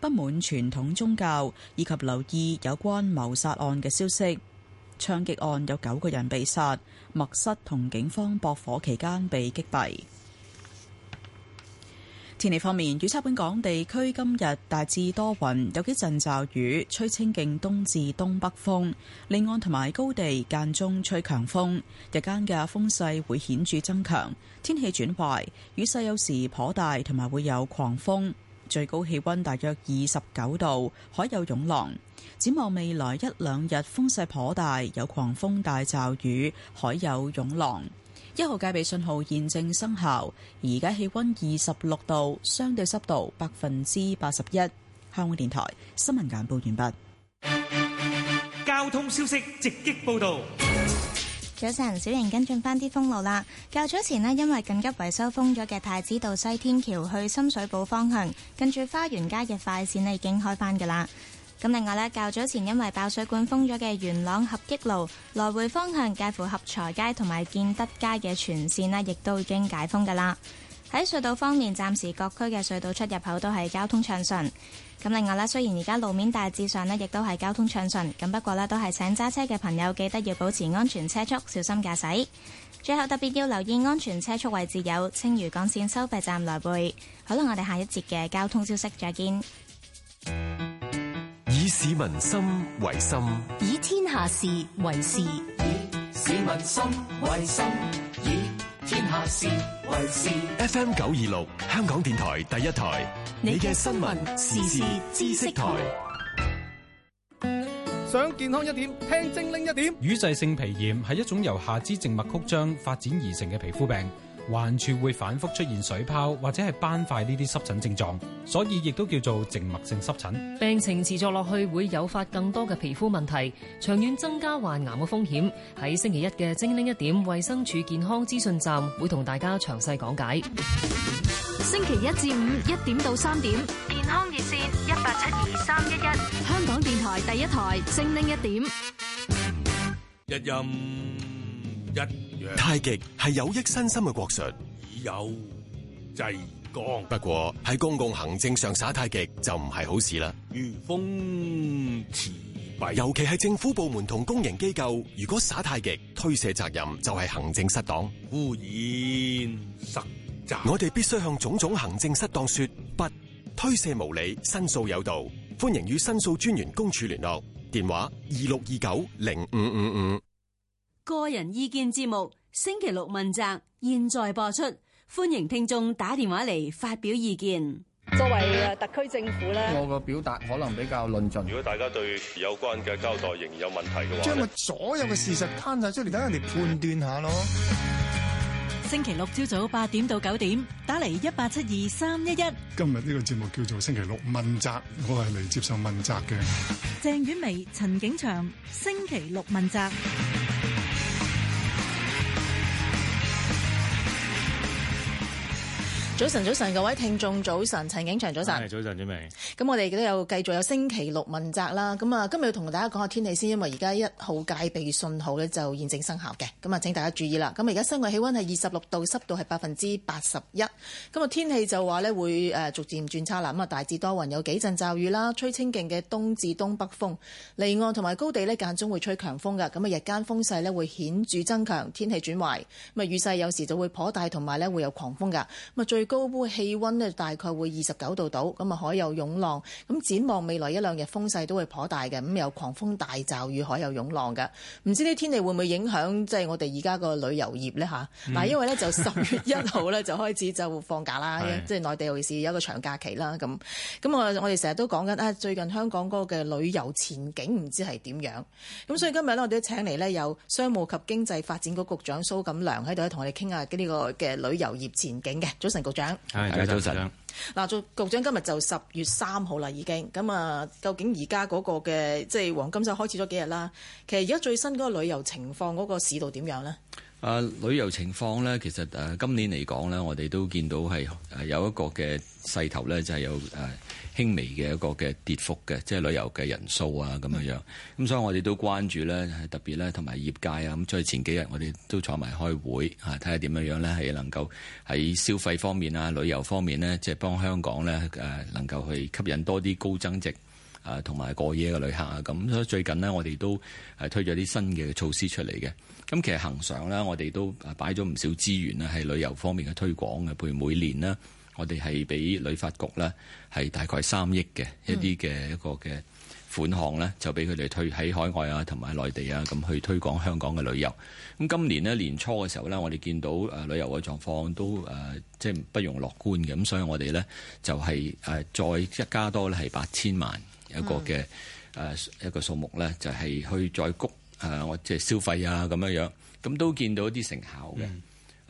不滿傳統宗教，以及留意有關謀殺案嘅消息。槍擊案有九個人被殺，麥室同警方駁火期間被擊斃。天氣方面，預測本港地區今日大致多雲，有幾陣驟雨，吹清勁東至東北風，離岸同埋高地間中吹強風。日間嘅風勢會顯著增強，天氣轉壞，雨勢有時頗大，同埋會有狂風。最高氣溫大約二十九度，海有湧浪。展望未來一兩日，風勢頗大，有狂風大驟雨，海有湧浪。一號戒備信號現正生效。而家氣溫二十六度，相對濕度百分之八十一。香港電台新聞簡報完畢。交通消息直擊報道。早晨小瑩，跟進返啲封路啦。較早前呢，因為緊急維修封咗嘅太子道西天橋去深水埗方向，跟住花園街嘅快線已經開返噶啦。咁另外呢，較早前因為爆水管封咗嘅元朗合益路來回方向，介乎合財街同埋建德街嘅全線呢，亦都已經解封噶啦。喺隧道方面，暫時各區嘅隧道出入口都係交通暢順。咁另外啦，雖然而家路面大致上呢亦都係交通暢順，咁不過咧，都係請揸車嘅朋友記得要保持安全車速，小心駕駛。最後特別要留意安全車速位置有青嶼幹線收費站來背。好啦，我哋下一節嘅交通消息再見。以市民心為心，以天下事為事，以市民心為心。天下事為事，FM 九二六香港電台第一台，你嘅新聞時事知識台，想健康一點，聽精靈一點。瘀積性皮炎係一種由下肢靜脈曲張發展而成嘅皮膚病。患處會反覆出現水泡或者係斑塊呢啲濕疹症狀，所以亦都叫做靜脈性濕疹。病情持續落去，會有發更多嘅皮膚問題，長遠增加患癌嘅風險。喺星期一嘅精靈一點，衛生署健康資訊站會同大家詳細講解。星期一至五一點到三點，健康熱線一八七二三一一，香港電台第一台精靈一點，一任太極係有益身心嘅國術，以柔制剛。不過喺公共行政上耍太極就唔係好事啦。如封似閉，尤其係政府部門同公營機構，如果耍太極推卸責任，就係行政失當，敷衍塞責。我哋必須向種種行政失當說不，推卸無理，申訴有道。歡迎與申訴專員公署聯絡，電話二六二九零五五五。個人意見節目星期六問責，現在播出，歡迎聽眾打電話嚟發表意見。作為特區政府咧，我個表達可能比較論盡。如果大家對有關嘅交代仍然有問題嘅話，將個所有嘅事實攤晒出嚟，等人哋判斷下咯、嗯。星期六朝早八點到九點，打嚟一八七二三一一。今日呢個節目叫做星期六問責，我係嚟接受問責嘅。鄭婉薇、陳景祥，星期六問責。早晨，早晨，各位聽眾早晨，陳景祥，早晨。早晨，早晨準備，咁我哋都有繼續有星期六問責啦。咁啊，今日要同大家講下天氣先，因為而家一號戒備信號咧就現正生效嘅。咁啊，請大家注意啦。咁啊，而家室外氣溫係二十六度，濕度係百分之八十一。咁啊，天氣就話咧會誒逐漸轉差啦。咁啊，大致多雲有幾陣驟雨啦，吹清勁嘅東至東北風，離岸同埋高地咧間中會吹強風噶，咁啊，日間風勢咧會顯著增強，天氣轉壞，咁啊，雨勢有時就會頗大，同埋咧會有狂風噶。咁啊，最高溫氣温呢大概會二十九度到，咁啊海有湧浪，咁展望未來一兩日風勢都會頗大嘅，咁有狂風大驟雨，海有湧浪嘅。唔知啲天氣會唔會影響即係我哋而家個旅遊業呢？吓，嗱，因為呢就十月一號呢，就開始就放假啦，即係內地尤其是有一個長假期啦咁。咁我我哋成日都講緊啊，最近香港嗰個嘅旅遊前景唔知係點樣。咁所以今日呢，我哋都請嚟呢有商務及經濟發展局局長蘇錦樑喺度同我哋傾下呢個嘅旅遊業前景嘅。早晨，局長大家早晨。嗱，蘇局長，今日就十月三號啦，已經咁啊，究竟而家嗰個嘅即係黃金周開始咗幾日啦？其實而家最新嗰個旅遊情況嗰個市道點樣咧？啊，旅遊情況咧，其實誒今年嚟講咧，我哋都見到係有一個嘅勢頭咧，就係有誒。輕微嘅一個嘅跌幅嘅，即係旅遊嘅人數啊，咁樣樣。咁、嗯、所以我哋都關注咧，特別咧，同埋業界啊。咁所以前幾日我哋都坐埋開會啊，睇下點樣樣咧，係能夠喺消費方面啊、旅遊方面咧，即係幫香港咧誒，能夠去吸引多啲高增值啊同埋過夜嘅旅客。啊。咁所以最近呢，我哋都係推咗啲新嘅措施出嚟嘅。咁其實恆常咧，我哋都擺咗唔少資源咧，係旅遊方面嘅推廣嘅，譬如每年呢。我哋係俾旅發局咧，係大概三億嘅一啲嘅一個嘅款項咧，就俾佢哋推喺海外啊，同埋內地啊，咁去推廣香港嘅旅遊。咁今年呢年初嘅時候咧，我哋見到旅遊嘅狀況都即係不容樂觀嘅。咁所以我哋咧就係再一加多咧係八千萬一個嘅一個數目咧、嗯，就係、係、去再谷我即係消費啊咁樣樣，咁都見到一啲成效嘅。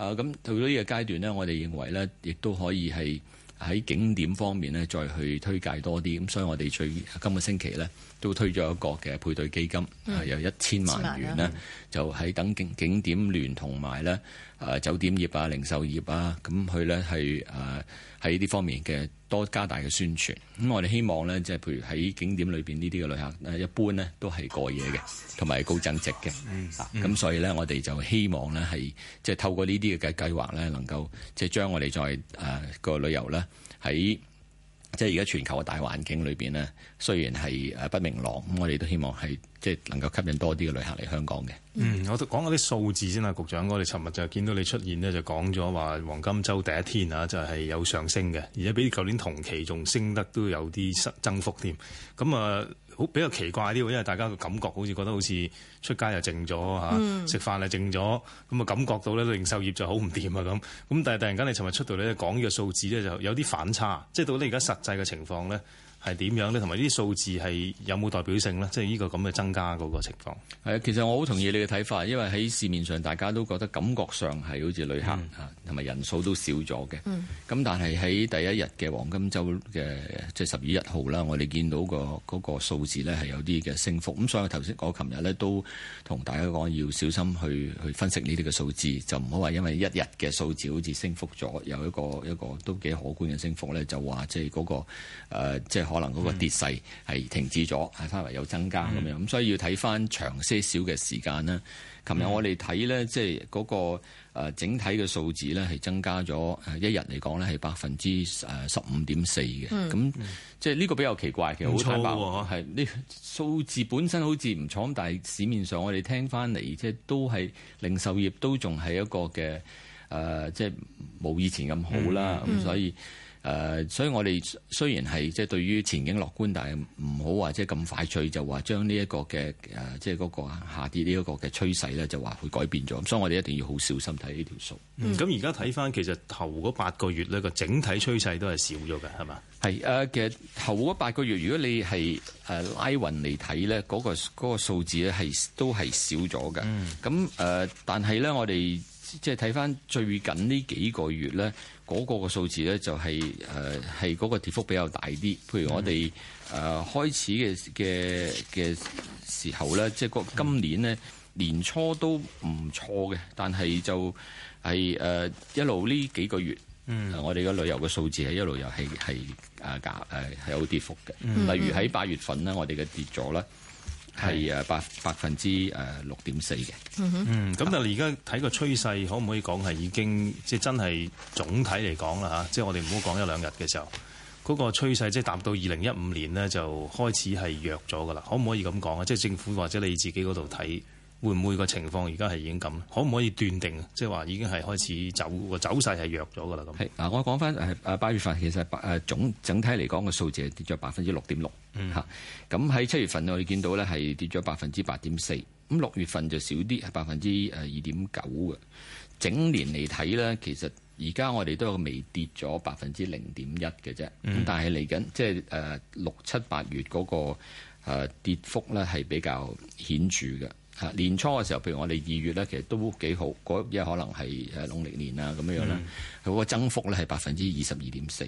啊，咁到咗呢個階段呢，我哋認為呢亦都可以係喺景點方面呢再去推介多啲。咁所以，我哋最今個星期呢，都推咗一個嘅配對基金，係、嗯、有一千萬元咧，就喺等景景點聯同埋咧、嗯啊，酒店業啊、零售業啊，咁佢咧係誒喺呢方面嘅多加大嘅宣傳。咁我哋希望咧，即係譬如喺景點裏邊呢啲嘅旅客咧，一般咧都係過夜嘅，同埋高增值嘅。咁、嗯啊、所以咧，我哋就希望咧係即係透過呢啲嘅計劃咧，能夠即係、就是、將我哋再誒個旅遊咧喺。即係而家全球嘅大環境裏邊呢，雖然係誒不明朗，咁我哋都希望係即係能夠吸引多啲嘅旅客嚟香港嘅。嗯，我都講嗰啲數字先啦，局長，我哋尋日就見到你出現呢，就講咗話黃金週第一天啊，就係、是、有上升嘅，而且比舊年同期仲升得都有啲增增幅添。咁啊。好比較奇怪啲喎，因為大家嘅感覺好似覺得好似出街又靜咗吓、嗯、食飯又靜咗，咁啊感覺到咧零售業就好唔掂啊咁。咁但係突然間你尋日出到咧，講呢個數字咧就有啲反差，即係到你而家實際嘅情況咧，係點樣呢？同埋呢啲數字係有冇代表性呢？即係呢個咁嘅增加嗰個情況。啊，其實我好同意你嘅睇法，因為喺市面上大家都覺得感覺上係好似旅客同埋人數都少咗嘅。咁、嗯、但係喺第一日嘅黃金週嘅即係十月一號啦，我哋見到、嗰個嗰、嗰個數字咧係有啲嘅升幅。咁所以頭先我琴日咧都同大家講要小心去去分析呢啲嘅數字，就唔好話因為一日嘅數字好似升幅咗有一個一個都幾可觀嘅升幅咧，就話即係嗰個即係。呃即係可能嗰個跌勢係停止咗，係稍微有增加咁樣，咁、嗯、所以要睇翻長些少嘅時間啦。琴、嗯、日我哋睇咧，即係嗰個整體嘅數字咧係增加咗，誒一日嚟講咧係百分之誒十五點四嘅。咁即係呢個比較奇怪，其實唔錯，係呢數字本身好似唔錯，但係市面上我哋聽翻嚟，即、就、係、是、都係零售業都仲係一個嘅誒，即係冇以前咁好啦。咁、嗯、所以。誒、uh,，所以我哋雖然係即係對於前景樂觀，但係唔好話即係咁快脆就話將呢一個嘅誒，即係嗰個下跌呢一個嘅趨勢咧，就話去改變咗。所以我哋一定要好小心睇呢條數。咁而家睇返其實頭嗰八個月咧，個整體趨勢都係少咗嘅，係嘛？係誒、啊，其實頭嗰八個月，如果你係誒、啊、拉勻嚟睇咧，嗰、那個嗰、那個、數字咧係都係少咗嘅。咁、嗯、誒、啊，但係咧，我哋即係睇翻最近呢幾個月咧，嗰、嗰個個數字咧就係誒係嗰個跌幅比較大啲。譬如我哋誒、呃、開始嘅嘅嘅時候咧，即係今年咧、嗯、年初都唔錯嘅，但係就係、係、誒、呃、一路呢幾個月，嗯、我哋嘅旅遊嘅數字係一路又係係誒減誒係有跌幅嘅、嗯。例如喺八月份咧，我哋嘅跌咗啦。係誒百百分之誒六點四嘅，的 mm-hmm. 嗯咁但係而家睇個趨勢，可唔可以講係已經即係真係總體嚟講啦嚇，即係我哋唔好講一兩日嘅時候，嗰、那個趨勢即係達到二零一五年咧就開始係弱咗噶啦，可唔可以咁講啊？即係政府或者你自己嗰度睇。會唔會個情況而家係已經咁？可唔可以斷定，即係話已經係開始走個走勢係弱咗噶啦？咁係嗱，我講翻誒八月份其實誒總整體嚟講個數字係跌咗百分之六點六嚇。咁喺七月份我哋見到咧係跌咗百分之八點四。咁六月份就少啲，係百分之誒二點九嘅。整年嚟睇咧，其實而家我哋都有微跌咗百分之零點一嘅啫。咁但係嚟緊即係誒六七八月嗰個跌幅咧係比較顯著嘅。年初嘅時候，譬如我哋二月咧，其實都幾好。因為可能係誒農曆年啊咁樣啦。佢、嗰個增幅咧係百分之二十二點四。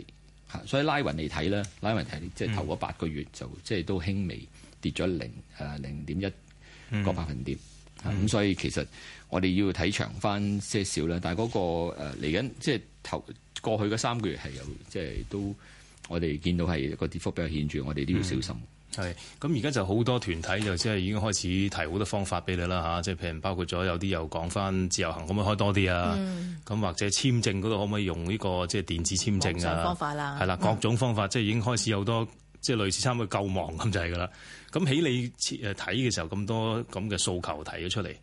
嚇，所以拉勻嚟睇咧，拉勻睇即係頭嗰八個月就即係、嗯、都輕微跌咗零誒零點一個百分點。咁、嗯、所以其實我哋要睇長翻些少啦。但係、誒、嗰個嚟緊即係頭過去嗰三個月係有即係都我哋見到係個跌幅比較顯著。我哋都要小心。嗯。咁而家就好多團體就即係已經開始提好多方法俾你啦嚇，即係譬如包括咗有啲又講翻自由行可唔可以開多啲啊？咁、嗯、或者簽證嗰度可唔可以用呢個即係電子簽證啊？方法啦，係啦，各種方法即係已經開始有多即係類似忙差唔多救亡咁就係㗎啦。咁起你誒睇嘅時候咁多咁嘅訴求提咗出嚟。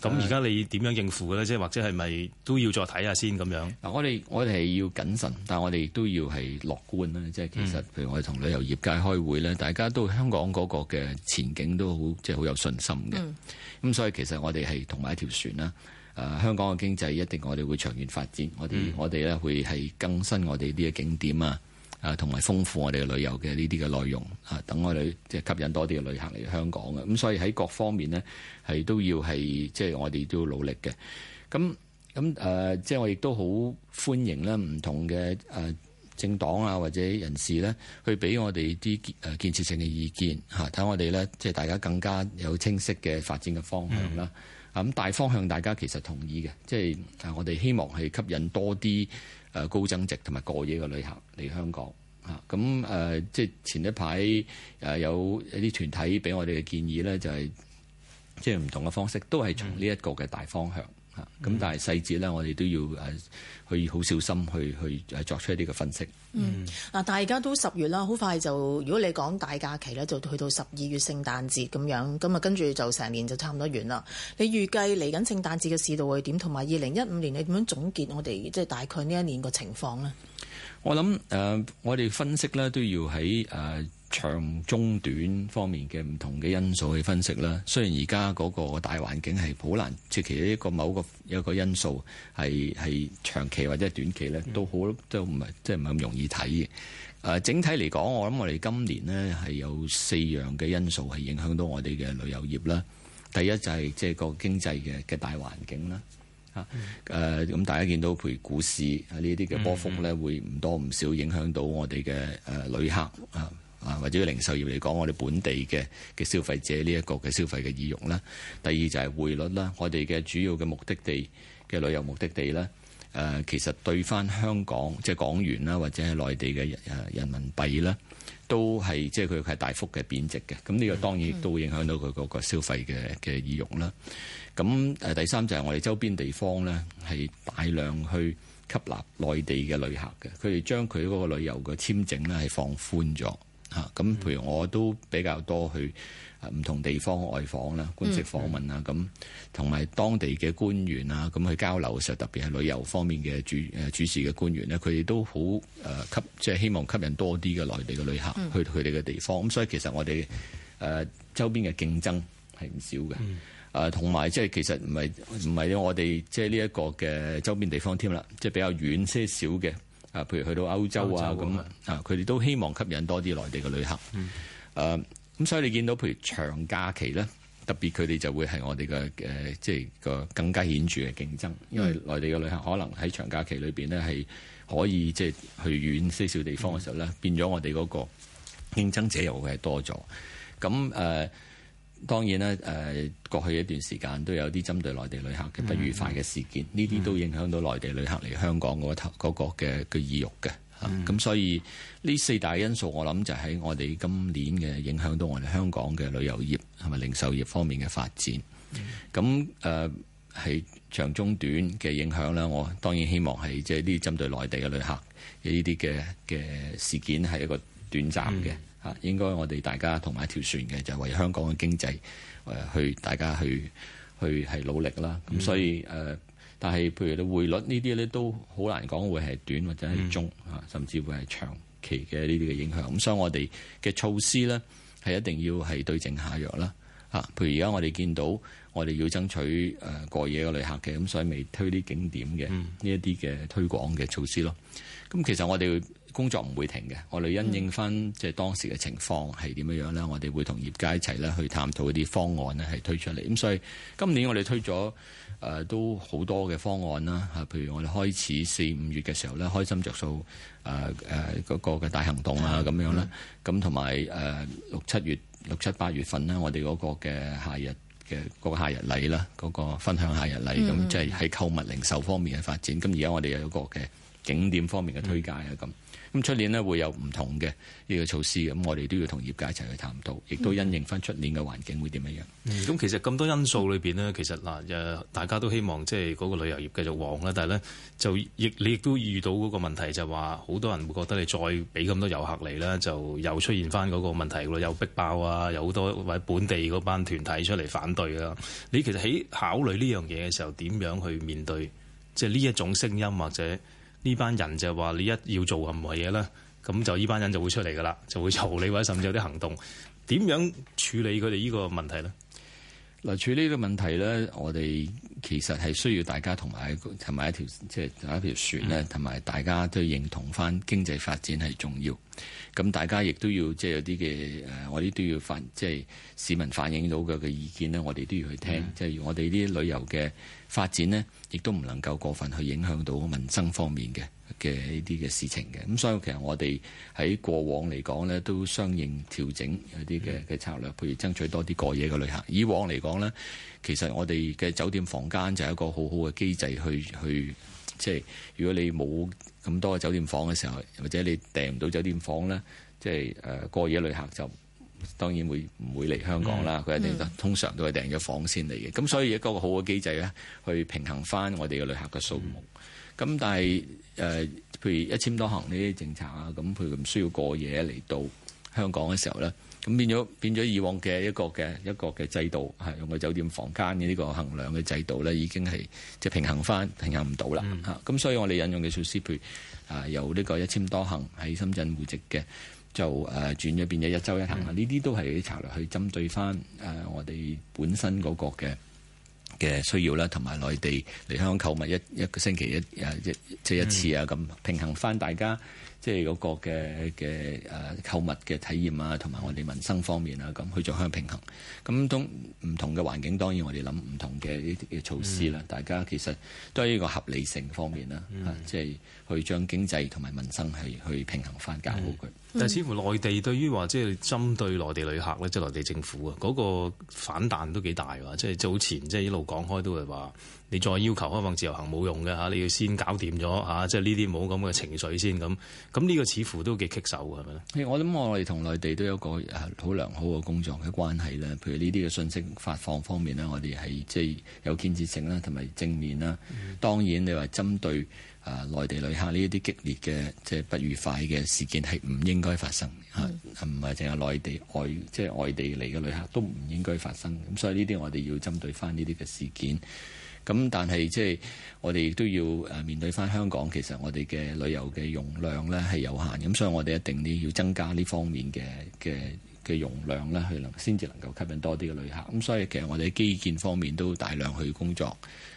咁而家你點樣應付嘅咧？即係或者係咪都要再睇下先咁樣？嗱、嗯，我哋我哋係要謹慎，但係我哋都要係樂觀啦。即係其實，譬如我哋同旅遊業界開會咧，大家都香港嗰個嘅前景都好，即係好有信心嘅。咁、嗯、所以其實我哋係同埋一條船啦、啊。香港嘅經濟一定我哋會長遠發展。我哋、嗯、我哋咧會係更新我哋呢啲嘅景點啊。啊，同埋豐富我哋嘅旅遊嘅呢啲嘅內容啊，等我哋即係吸引多啲嘅旅客嚟香港嘅。咁所以喺各方面呢，係都要係即係我哋都要努力嘅。咁咁誒，即係我亦都好歡迎咧，唔同嘅誒政黨啊或者人士呢，去俾我哋啲建設性嘅意見嚇，睇我哋呢，即係大家更加有清晰嘅發展嘅方向啦。咁大方向大家其實同意嘅，即係我哋希望係吸引多啲。誒高增值同埋過夜嘅旅客嚟香港嚇，咁誒即係前一排誒有，有一啲團體俾我哋嘅建議咧，就是，就係即係唔同嘅方式，都係從呢一個嘅大方向。咁、嗯、但係細節咧，我哋都要誒，去好小心去去誒，作出一啲嘅分析。嗯，嗱，而家都十月啦，好快就如果你講大假期咧，就去到十二月聖誕節咁樣，咁啊跟住就成年就差唔多完啦。你預計嚟緊聖誕節嘅市道會點？同埋二零一五年你點樣總結我哋即係大概呢一年嘅情況呢？我諗誒、呃，我哋分析咧都要喺誒。呃長、中、短方面嘅唔同嘅因素去分析啦。雖然而家嗰個大環境係好難，即係其實一個某個一個因素係係長期或者係短期咧，都好都唔係即係唔係咁容易睇嘅。誒、呃，整體嚟講，我諗我哋今年呢係有四樣嘅因素係影響到我哋嘅旅遊業啦。第一就係即係個經濟嘅嘅大環境啦。啊、嗯、誒，咁、呃、大家見到譬如股市呢啲嘅波幅咧，會唔多唔少影響到我哋嘅誒旅客啊。呃嗯呃或者零售業嚟講，我哋本地嘅嘅消費者呢一個嘅消費嘅意欲啦。第二就係匯率啦，我哋嘅主要嘅目的地嘅旅遊目的地啦。誒其實對翻香港即係港元啦，或者係內地嘅誒人民幣啦，都係即係佢係大幅嘅貶值嘅。咁呢個當然亦都會影響到佢嗰個消費嘅嘅意欲啦。咁誒第三就係我哋周邊地方咧係大量去吸納內地嘅旅客嘅，佢哋將佢嗰個旅遊嘅簽證咧係放寬咗。吓，咁，譬如我都比較多去唔同地方外訪啦，官式訪問啊，咁同埋當地嘅官員啊，咁去交流嘅時候，特別係旅遊方面嘅主誒主持嘅官員咧，佢哋都好誒吸，即係希望吸引多啲嘅內地嘅旅客、嗯、去佢哋嘅地方。咁所以其實我哋誒、呃、周邊嘅競爭係唔少嘅，誒同埋即係其實唔係唔係我哋即係呢一個嘅周邊地方添啦，即係比較遠些少嘅。啊，譬如去到歐洲啊咁啊，佢哋都希望吸引多啲內地嘅旅客。誒、嗯，咁、呃、所以你見到譬如長假期咧，特別佢哋就會係我哋嘅誒，即係個更加顯著嘅競爭，因為內地嘅旅客可能喺長假期裏邊咧係可以即係去遠些少地方嘅時候咧、嗯，變咗我哋嗰個競爭者又會係多咗。咁、呃、誒。當然啦，誒過去一段時間都有啲針對內地旅客嘅不愉快嘅事件，呢、mm-hmm. 啲都影響到內地旅客嚟香港嗰頭個嘅嘅意欲嘅，咁、mm-hmm. 所以呢四大因素我諗就喺我哋今年嘅影響到我哋香港嘅旅遊業同埋零售業方面嘅發展。咁誒喺長中短嘅影響咧，我當然希望係即係呢啲針對內地嘅旅客呢啲嘅嘅事件係一個短暫嘅。Mm-hmm. 應該我哋大家同埋一條船嘅，就係、為香港嘅經濟誒去大家去去係努力啦。咁、嗯、所以誒、呃，但係譬如啲匯率呢啲咧，都好難講會係短或者係中啊、嗯，甚至會係長期嘅呢啲嘅影響。咁、嗯、所以我哋嘅措施咧，係一定要係對症下藥啦。嚇，譬如而家我哋見到我哋要爭取誒過夜嘅旅客嘅，咁所以未推啲景點嘅呢一啲嘅推廣嘅措施咯。咁、呃、其實我哋工作唔會停嘅。我哋因應翻即係當時嘅情況係點樣樣咧，我哋會同業界一齊咧去探討一啲方案咧，係推出嚟。咁所以今年我哋推咗誒、呃、都好多嘅方案啦，嚇，譬如我哋開始四五月嘅時候咧，開心着數誒誒嗰個嘅大行動啊，咁樣啦。咁同埋誒六七月六七八月份咧，我哋嗰個嘅夏日嘅嗰、嗰個、夏日禮啦，嗰、嗰個分享夏日禮咁，即係喺購物零售方面嘅發展。咁而家我哋有一個嘅景點方面嘅推介啊，咁、嗯。咁出年咧會有唔同嘅呢個措施，咁我哋都要同業界一齊去探討，亦都因應翻出年嘅環境會點樣。咁、嗯、其實咁多因素裏面咧，其實嗱大家都希望即係嗰個旅遊業繼續旺啦，但係咧就亦你亦都遇到嗰個問題就話，好多人會覺得你再俾咁多遊客嚟啦，就又出現翻嗰個問題喎，又逼爆啊，有好多或者本地嗰班團體出嚟反對啦。你其實喺考慮呢樣嘢嘅時候，點樣去面對即係呢一種聲音或者？呢班人就係話你一要做唔係嘢啦，咁就呢班人就會出嚟噶啦，就會嘈你或者甚至有啲行動。點樣處理佢哋呢個問題咧？嗱，處理呢個問題咧，我哋其實係需要大家同埋一同埋一條，即係一條船咧，同埋大家都認同翻經濟發展係重要。咁大家亦都要即係有啲嘅誒，我哋都要反即係市民反映到嘅嘅意見咧，我哋都要去聽，即係、就是、我哋啲旅遊嘅發展咧，亦都唔能夠過分去影響到民生方面嘅嘅呢啲嘅事情嘅。咁所以其實我哋喺過往嚟講咧，都相應調整有啲嘅嘅策略，譬如爭取多啲過夜嘅旅客。以往嚟講咧，其實我哋嘅酒店房間就係一個好好嘅機制去去。即係如果你冇咁多嘅酒店房嘅時候，或者你訂唔到酒店房咧，即係誒過夜旅客就當然不會唔會嚟香港啦？佢一定都通常都係訂咗房先嚟嘅。咁所以有一個好嘅機制咧，去平衡翻我哋嘅旅客嘅數目。咁但係誒，譬如一簽多行呢啲政策啊，咁佢唔需要過夜嚟到香港嘅時候咧。咁變咗變咗以往嘅一個嘅一個嘅制度，係用個酒店房間嘅呢個衡量嘅制度咧，已經係即係平衡翻平衡唔到啦嚇。咁、嗯、所以我哋引用嘅措施，譬如啊由呢個一簽多行喺深圳戶籍嘅，就誒、啊、轉咗變咗一週一行啊，呢、嗯、啲都係啲策略去針對翻誒、啊、我哋本身嗰個嘅嘅需要啦，同埋內地嚟香港購物一一個星期一誒一即係一,一,一,一次啊咁、嗯、平衡翻大家。即係嗰個嘅嘅誒購物嘅體驗啊，同埋我哋民生方面啊，咁去進行平衡。咁都唔同嘅環境，當然我哋諗唔同嘅呢啲嘅措施啦、嗯。大家其實都喺呢個合理性方面啦，即、嗯、係、啊即係、去將經濟同埋民生去，去平衡翻搞好佢。但係似乎內地對於話即係針對內地旅客咧，即係內地政府啊，嗰個反彈都幾大喎！即係早前即係一路講開都係話，你再要求開放自由行冇用嘅嚇，你要先搞掂咗嚇，即係呢啲冇咁嘅情緒先咁。咁呢個似乎都幾棘手嘅係咪咧？我諗我哋同內地都有一個誒好良好嘅工作嘅關係咧，譬如呢啲嘅信息發放方面咧，我哋係即係有建設性啦，同埋正面啦。當然你話針對。啊！內地旅客呢一啲激烈嘅，即係不愉快嘅事件，係唔應該發生嚇，唔係淨係內地外，即係外地嚟嘅旅客都唔應該發生。咁所以呢啲我哋要針對翻呢啲嘅事件。咁但係即係我哋都要誒面對翻香港。其實我哋嘅旅遊嘅容量呢係有限，咁所以我哋一定咧要增加呢方面嘅嘅嘅容量呢，去能先至能夠吸引多啲嘅旅客。咁所以其實我哋基建方面都大量去工作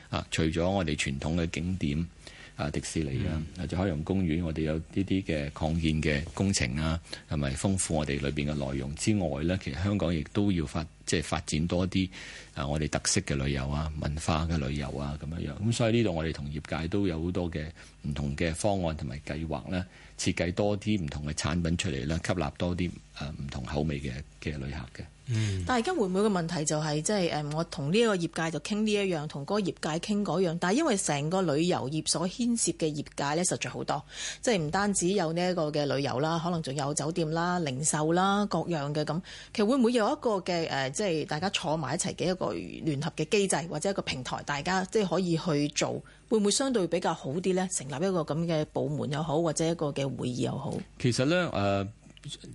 啊。除咗我哋傳統嘅景點。啊！迪士尼啊，或者海洋公園，我哋有呢啲嘅擴建嘅工程啊，同埋豐富我哋裏面嘅內容之外呢，其實香港亦都要發即係發展多啲啊！我哋特色嘅旅遊啊，文化嘅旅遊啊，咁樣樣咁，所以呢度我哋同業界都有好多嘅唔同嘅方案同埋計劃呢，設計多啲唔同嘅產品出嚟啦，吸納多啲誒唔同口味嘅嘅旅客嘅。嗯、但係而家會唔會個問題就係、係，即係誒我同呢一個業界就傾呢一樣，同嗰個業界傾嗰樣。但係因為成個旅遊業所牽涉嘅業界呢，實在好多，即係唔單止有呢一個嘅旅遊啦，可能仲有酒店啦、零售啦各樣嘅咁。其實會唔會有一個嘅誒，即、就、係、係、大家坐埋一齊嘅一個聯合嘅機制，或者一個平台，大家即係可以去做，會唔會相對比較好啲呢？成立一個咁嘅部門又好，或者一個嘅會議又好。其實呢。誒、呃。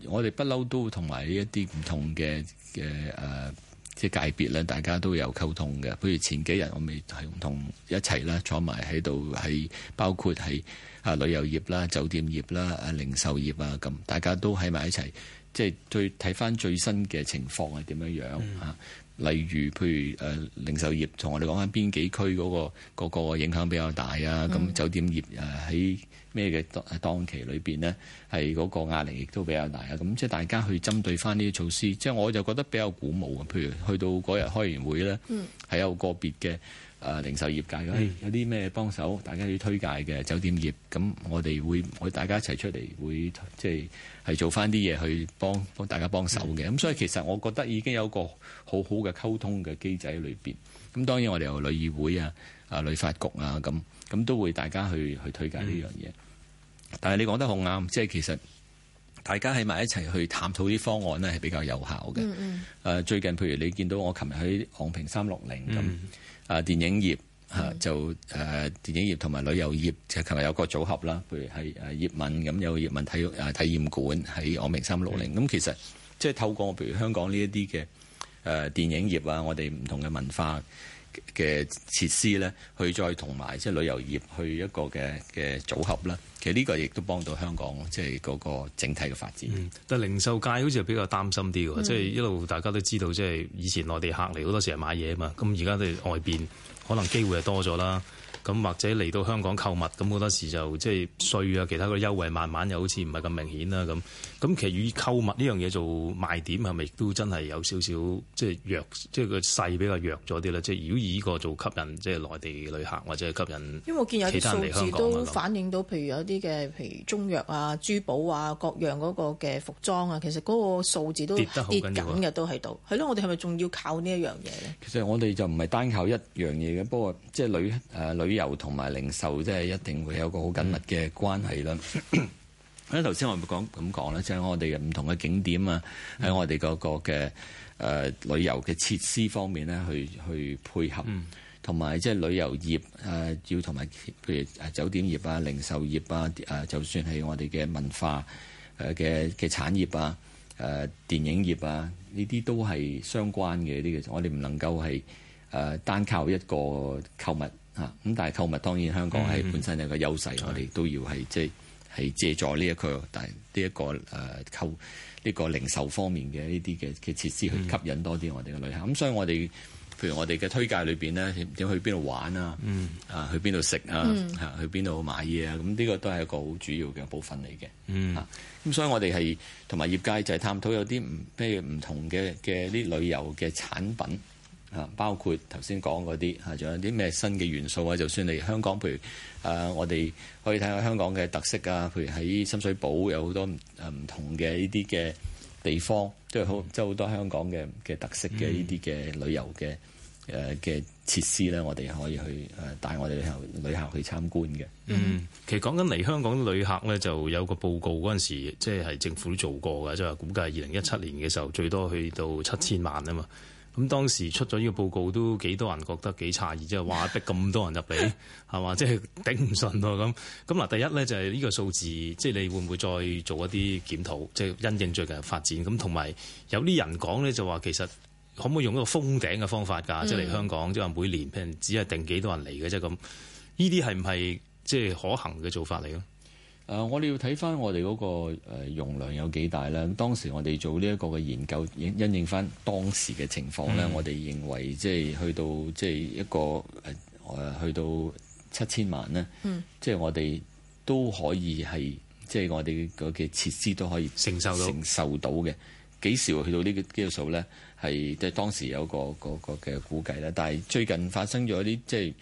我哋不嬲都同埋呢一啲唔同嘅嘅誒，即界別咧，大家都有溝通嘅。譬如前幾日我未係同一齊啦，坐埋喺度係包括係啊旅遊業啦、酒店業啦、啊零售業啊咁，大家都喺埋一齊，即最睇翻最新嘅情況係點樣樣啊、嗯？例如譬如誒零售業，同我哋講翻邊幾區嗰個嗰個影響比較大啊？咁酒店業誒喺。嗯咩嘅當期裏邊呢，係嗰個壓力亦都比較大啊！咁即係大家去針對翻呢啲措施，即係我就覺得比較鼓舞啊！譬如去到嗰日開完會呢，係、嗯、有個別嘅誒零售業界，有有啲咩幫手，大家要推介嘅酒店業，咁我哋會會大家一齊出嚟，會即係、就是、做翻啲嘢去幫幫大家幫手嘅。咁、嗯、所以其實我覺得已經有個好好嘅溝通嘅機制裏邊。咁當然我哋有旅議會啊、啊旅發局啊，咁咁都會大家去去推介呢樣嘢。嗯但係你講得好啱，即係其實大家喺埋一齊去探討啲方案咧，係比較有效嘅。誒、mm-hmm.，最近譬如你見到我琴日喺昂坪三六零咁，啊、mm-hmm.，電影業啊就誒，電影業同埋旅遊業，就琴日有個組合啦，譬如係誒葉問咁有個葉問體育誒體驗館喺昂坪三六零。咁其實即係透過譬如香港呢一啲嘅誒電影業啊，我哋唔同嘅文化。嘅設施咧，去再同埋即係旅遊業去一個嘅嘅組合啦。其實呢個亦都幫到香港即係嗰個整體嘅發展，嗯。但係零售界好似比較擔心啲喎，嗯，即係一路大家都知道，即係以前內地客嚟好多時係買嘢啊嘛。咁而家都係外邊可能機會係多咗啦。咁或者嚟到香港購物，咁好多時就即係稅啊，其他嘅優惠慢慢又好似唔係咁明顯啦咁。咁其實以購物呢樣嘢做賣點，係咪都真係有少少即係、即係、弱，即係個勢比較弱咗啲咧？即係如果以呢個做吸引，即係內地旅客或者吸引其他人，因為我見有啲數字都反映到，譬如有啲嘅譬如中藥啊、珠寶啊、各樣嗰個嘅服裝啊，其實嗰個數字都跌緊嘅都喺度。係咯，我哋係咪仲要靠呢一樣嘢咧？其實我哋就唔係單靠一樣嘢嘅，不過即係旅旅。呃女旅遊同埋零售，即係一定會有一個好緊密嘅關係啦。喺頭先我講咁講咧，即係我哋嘅唔同嘅景點啊，喺我哋嗰個嘅誒旅遊嘅設施方面咧，去去配合，同埋即係旅遊業誒要同埋，譬如誒酒店業啊、零售業啊，誒就算係我哋嘅文化誒嘅嘅產業啊，誒電影業啊，呢啲都係相關嘅。呢個我哋唔能夠係誒單靠一個購物。咁但係購物當然香港係本身有個優勢，嗯、我哋都要係即係借助呢一、呢個，但係呢一個誒購呢個零售方面嘅呢啲嘅嘅設施去吸引多啲我哋嘅旅客。咁、嗯、所以我哋，譬如我哋嘅推介裏邊咧，點去邊度玩啊、嗯、啊，去邊度食啊？去邊度買嘢啊？咁呢個都係一個好主要嘅部分嚟嘅。嗯。咁、啊嗯啊、所以我哋係同埋業界就係探討有啲唔譬如唔同嘅嘅啲旅遊嘅產品。包括頭先講嗰啲，啊，仲有啲咩新嘅元素啊？就算嚟香港，譬如誒，我哋可以睇下香港嘅特色啊。譬如喺深水埗有好多唔唔同嘅呢啲嘅地方，即係好即係好多香港嘅嘅特色嘅呢啲嘅旅遊嘅誒嘅設施咧、嗯，我哋可以去誒帶我哋旅旅客去參觀嘅。嗯，其實講緊嚟香港旅客咧，就有個報告嗰陣時，即係政府都做過㗎，即係話估計二零一七年嘅時候最多去到七千萬啊嘛。咁當時出咗呢個報告都幾多人覺得幾詫異，即係話逼咁多人入嚟，係 嘛？即係頂唔順咯咁。咁嗱，第一咧就係呢個數字，即係你會唔會再做一啲檢討？即係因應最近發展咁，同埋有啲人講咧就話其實可唔可以用一個封頂嘅方法㗎？即係嚟香港，即係每年譬如只係定幾多人嚟嘅，即係咁。呢啲係唔係即係可行嘅做法嚟咯？呃、我哋要睇翻我哋嗰個容量有幾大呢？咁當時我哋做呢一個嘅研究，因應返翻當時嘅情況咧、嗯，我哋認為即係去到即係一個、呃、去到七千萬咧、嗯，即係我哋都可以係即係我哋嘅設施都可以承受到承受到嘅。幾時會去到呢個數呢？咧？係即係當時有個嗰、這個嘅、這個、估計啦，但係最近發生咗一啲即係。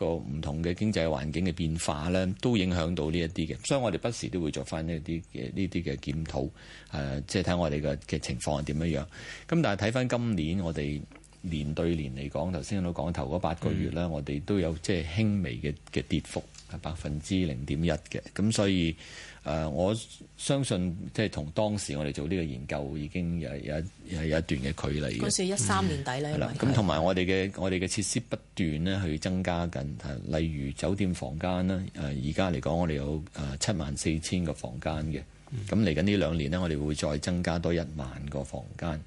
個唔同嘅經濟環境嘅變化咧，都影響到呢一啲嘅，所以我哋不時都會做翻呢一啲嘅呢啲嘅檢討，誒、呃，即係睇我哋嘅嘅情況係點樣樣。咁但係睇翻今年我哋年對年嚟講，頭先都講頭嗰八個月咧、嗯，我哋都有即係輕微嘅嘅跌幅，係百分之零點一嘅。咁所以。誒，我相信即係同當時我哋做呢個研究已經有有一段嘅距離。嗰時一三年底咧，咁同埋我哋嘅我哋嘅設施不斷咧去增加緊，例如酒店房間啦。誒，而家嚟講，我哋有誒七萬四千個房間嘅。咁嚟緊呢兩年咧，我哋會再增加多一萬個房間，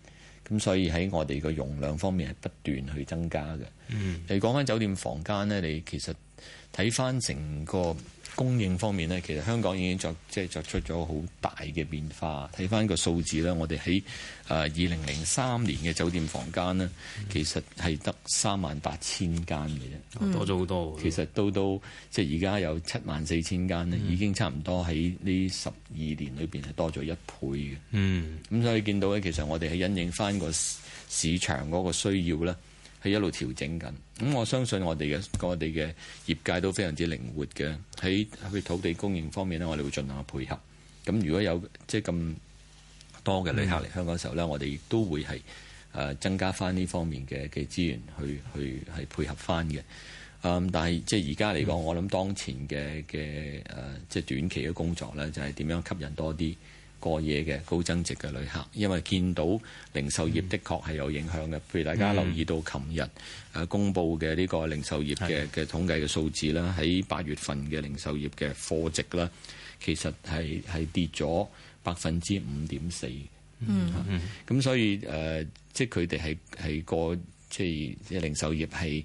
咁所以喺我哋個容量方面係不斷去增加嘅。你講翻酒店房間咧，你其實睇翻成個。供應方面呢，其實香港已經作即係作出咗好大嘅變化。睇翻個數字呢，我哋喺誒二零零三年嘅酒店房間呢，其實係得三萬八千間嘅啫。哦，多咗好多。嗯。其實都都即係而家有七萬四千間呢，已經差唔多喺呢十二年裏邊係多咗一倍嘅。嗯，咁所以見到呢，其實我哋係因應翻個市場嗰個需要呢。係一路調整緊咁，我相信我哋嘅我哋嘅業界都非常之靈活嘅。喺喺土地供應方面咧，我哋會盡量配合。咁如果有即係咁多嘅旅客嚟香港嘅時候咧，我哋亦都會係誒增加翻呢方面嘅嘅資源去去係配合翻嘅。嗯，但係即係而家嚟講，我諗當前嘅嘅誒即係短期嘅工作咧，就係點樣吸引多啲過夜嘅高增值嘅旅客，因為見到零售業的確係有影響嘅，譬如大家留意到琴日誒公佈嘅呢個零售業嘅嘅統計嘅數字啦，喺八月份嘅零售業嘅貨值啦，其實係係跌咗百分之五點四，嗯，咁、啊、所以誒、呃，即係佢哋係係過即係即係零售業係。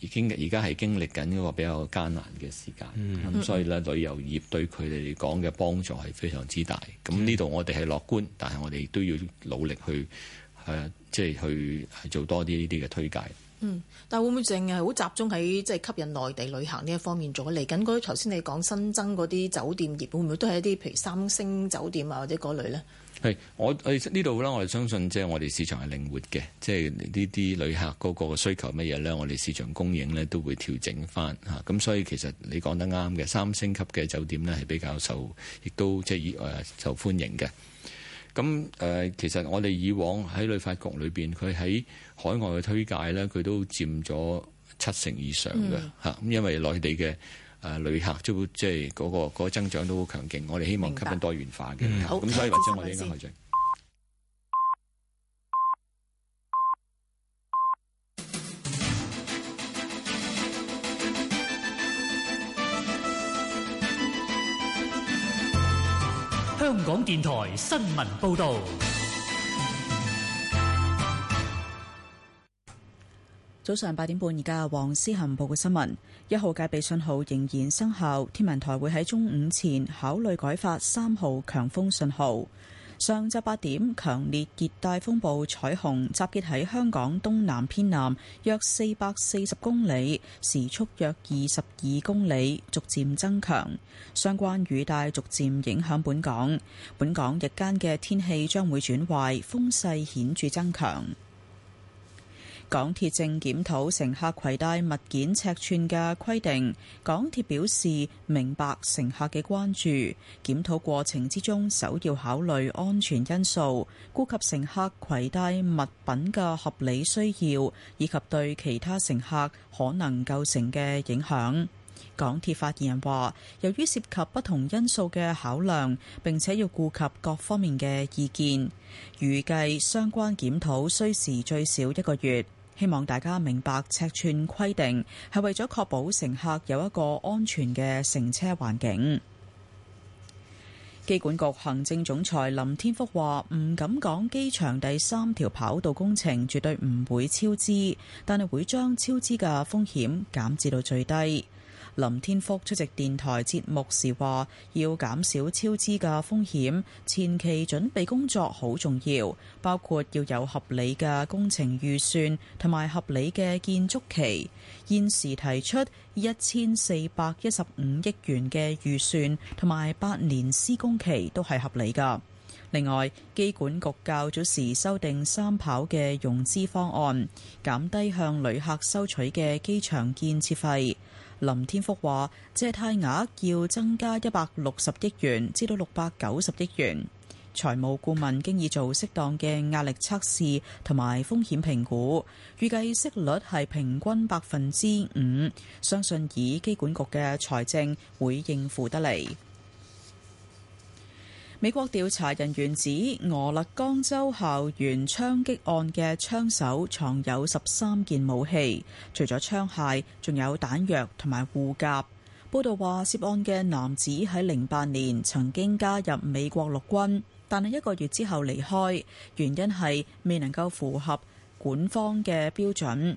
已經而家係經歷緊一個比較艱難嘅時間，咁、嗯、所以咧旅遊業對佢哋嚟講嘅幫助係非常之大。咁呢度我哋係樂觀，但係我哋都要努力去誒，即、啊、係、就是、去做多啲呢啲嘅推介。嗯，但係會唔會淨係好集中喺即係吸引內地旅行呢一方面做？嚟緊嗰啲頭先你講新增嗰啲酒店業，會唔會都係一啲譬如三星酒店啊或者嗰類咧？係，我呢度咧，我哋相信即係我哋市場係靈活嘅，即係呢啲旅客嗰個需求乜嘢呢？我哋市場供應呢都會調整翻嚇。咁所以其實你講得啱嘅，三星級嘅酒店呢係比較受，亦都即係以誒受歡迎嘅。咁誒、呃，其實我哋以往喺旅發局裏邊，佢喺海外嘅推介呢，佢都佔咗七成以上嘅嚇。咁、嗯、因為內地嘅。誒旅客都即係嗰個嗰個增長都好強勁，我哋希望吸引多元化嘅，咁所以或者我哋應該可以。香港電台新聞報導。早上八點半，而家黃思恒報告新聞。一號戒備信號仍然生效，天文台會喺中午前考慮改發三號強風信號。上晝八點，強烈熱帶風暴彩虹集結喺香港東南偏南約四百四十公里，時速約二十二公里，逐漸增強。相關雨帶逐漸影響本港。本港日間嘅天氣將會轉壞，風勢顯著增強。港鐵正檢討乘客攜帶物件尺寸嘅規定。港鐵表示明白乘客嘅關注，檢討過程之中首要考慮安全因素，顧及乘客攜帶物品嘅合理需要，以及對其他乘客可能構成嘅影響。港鐵發言人話：由於涉及不同因素嘅考量，並且要顧及各方面嘅意見，預計相關檢討需時最少一個月。希望大家明白尺寸規定，係為咗確保乘客有一個安全嘅乘車環境。機管局行政總裁林天福話唔敢講，機場第三條跑道工程絕對唔會超支，但係會將超支嘅風險減至到最低。林天福出席電台節目時話，要減少超支嘅風險，前期準備工作好重要，包括要有合理嘅工程預算同埋合理嘅建築期。現時提出一千四百一十五億元嘅預算同埋八年施工期都係合理噶。另外，機管局較早時修訂三跑嘅融資方案，減低向旅客收取嘅機場建設費。林天福話：借貸額要增加一百六十億元，至到六百九十億元。財務顧問經已做適當嘅壓力測試同埋風險評估，預計息率係平均百分之五，相信以機管局嘅財政會應付得嚟。美國調查人員指俄勒岡州校園槍擊案嘅槍手藏有十三件武器，除咗槍械，仲有彈藥同埋護甲。報道話，涉案嘅男子喺零八年曾經加入美國陸軍，但係一個月之後離開，原因係未能夠符合管方嘅標準。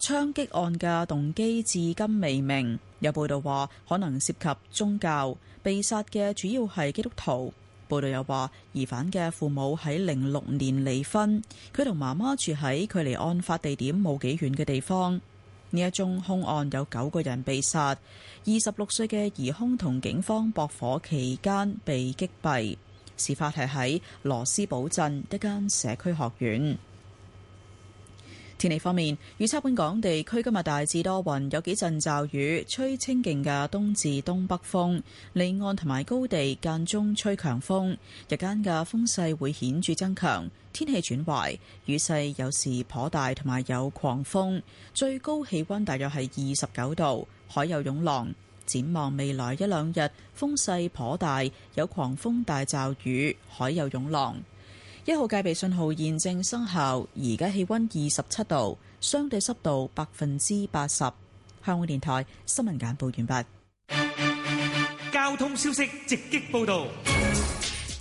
槍擊案嘅動機至今未明，有報道話可能涉及宗教。被殺嘅主要係基督徒。報道又話疑犯嘅父母喺零六年離婚，佢同媽媽住喺距離案發地點冇幾遠嘅地方。呢一宗凶案有九個人被殺，二十六歲嘅疑凶同警方駁火期間被擊斃。事發係喺羅斯堡鎮一間社區學院。天氣方面，預測本港地區今日大致多雲，有幾陣驟雨，吹清勁嘅東至東北風，離岸同埋高地間中吹強風。日間嘅風勢會顯著增強，天氣轉壞，雨勢有時頗大，同埋有狂風。最高氣溫大約係二十九度，海有湧浪。展望未來一兩日，風勢頗大，有狂風大驟雨，海有湧浪。一號戒備信號現正生效，而家氣溫二十七度，相對濕度百分之八十。香港電台新聞簡報完畢。交通消息直擊報道。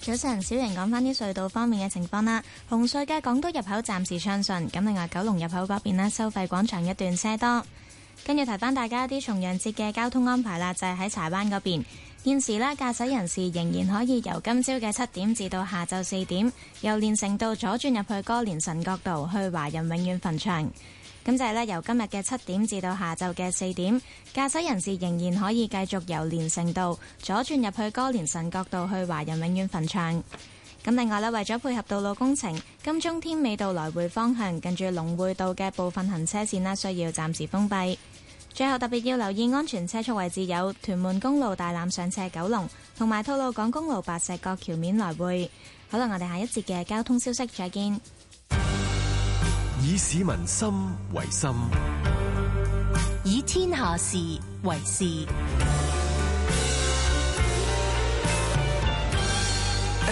早晨，小瑩講翻啲隧道方面嘅情況啦。紅隧嘅港島入口暫時暢順，咁另外九龍入口嗰邊呢，收費廣場一段車多。跟住提翻大家啲重陽節嘅交通安排啦，就係喺柴灣嗰邊。現時咧，駕駛人士仍然可以由今朝嘅七點至到下晝四點，由連城道左轉入去哥連臣角道去華人永遠墳場。咁就係咧，由今日嘅七點至到下晝嘅四點，駕駛人士仍然可以繼續由連城道左轉入去哥連臣角道去華人永遠墳場。咁另外咧，為咗配合道路工程，金鐘天美道來回方向近住龍匯道嘅部分行車線啦需要暫時封閉。最後特別要留意安全車速位置，有屯門公路大欖上斜、九龍同埋吐露港公路白石角橋面來回。好啦，我哋下一節嘅交通消息再見。以市民心為心，以天下事為事。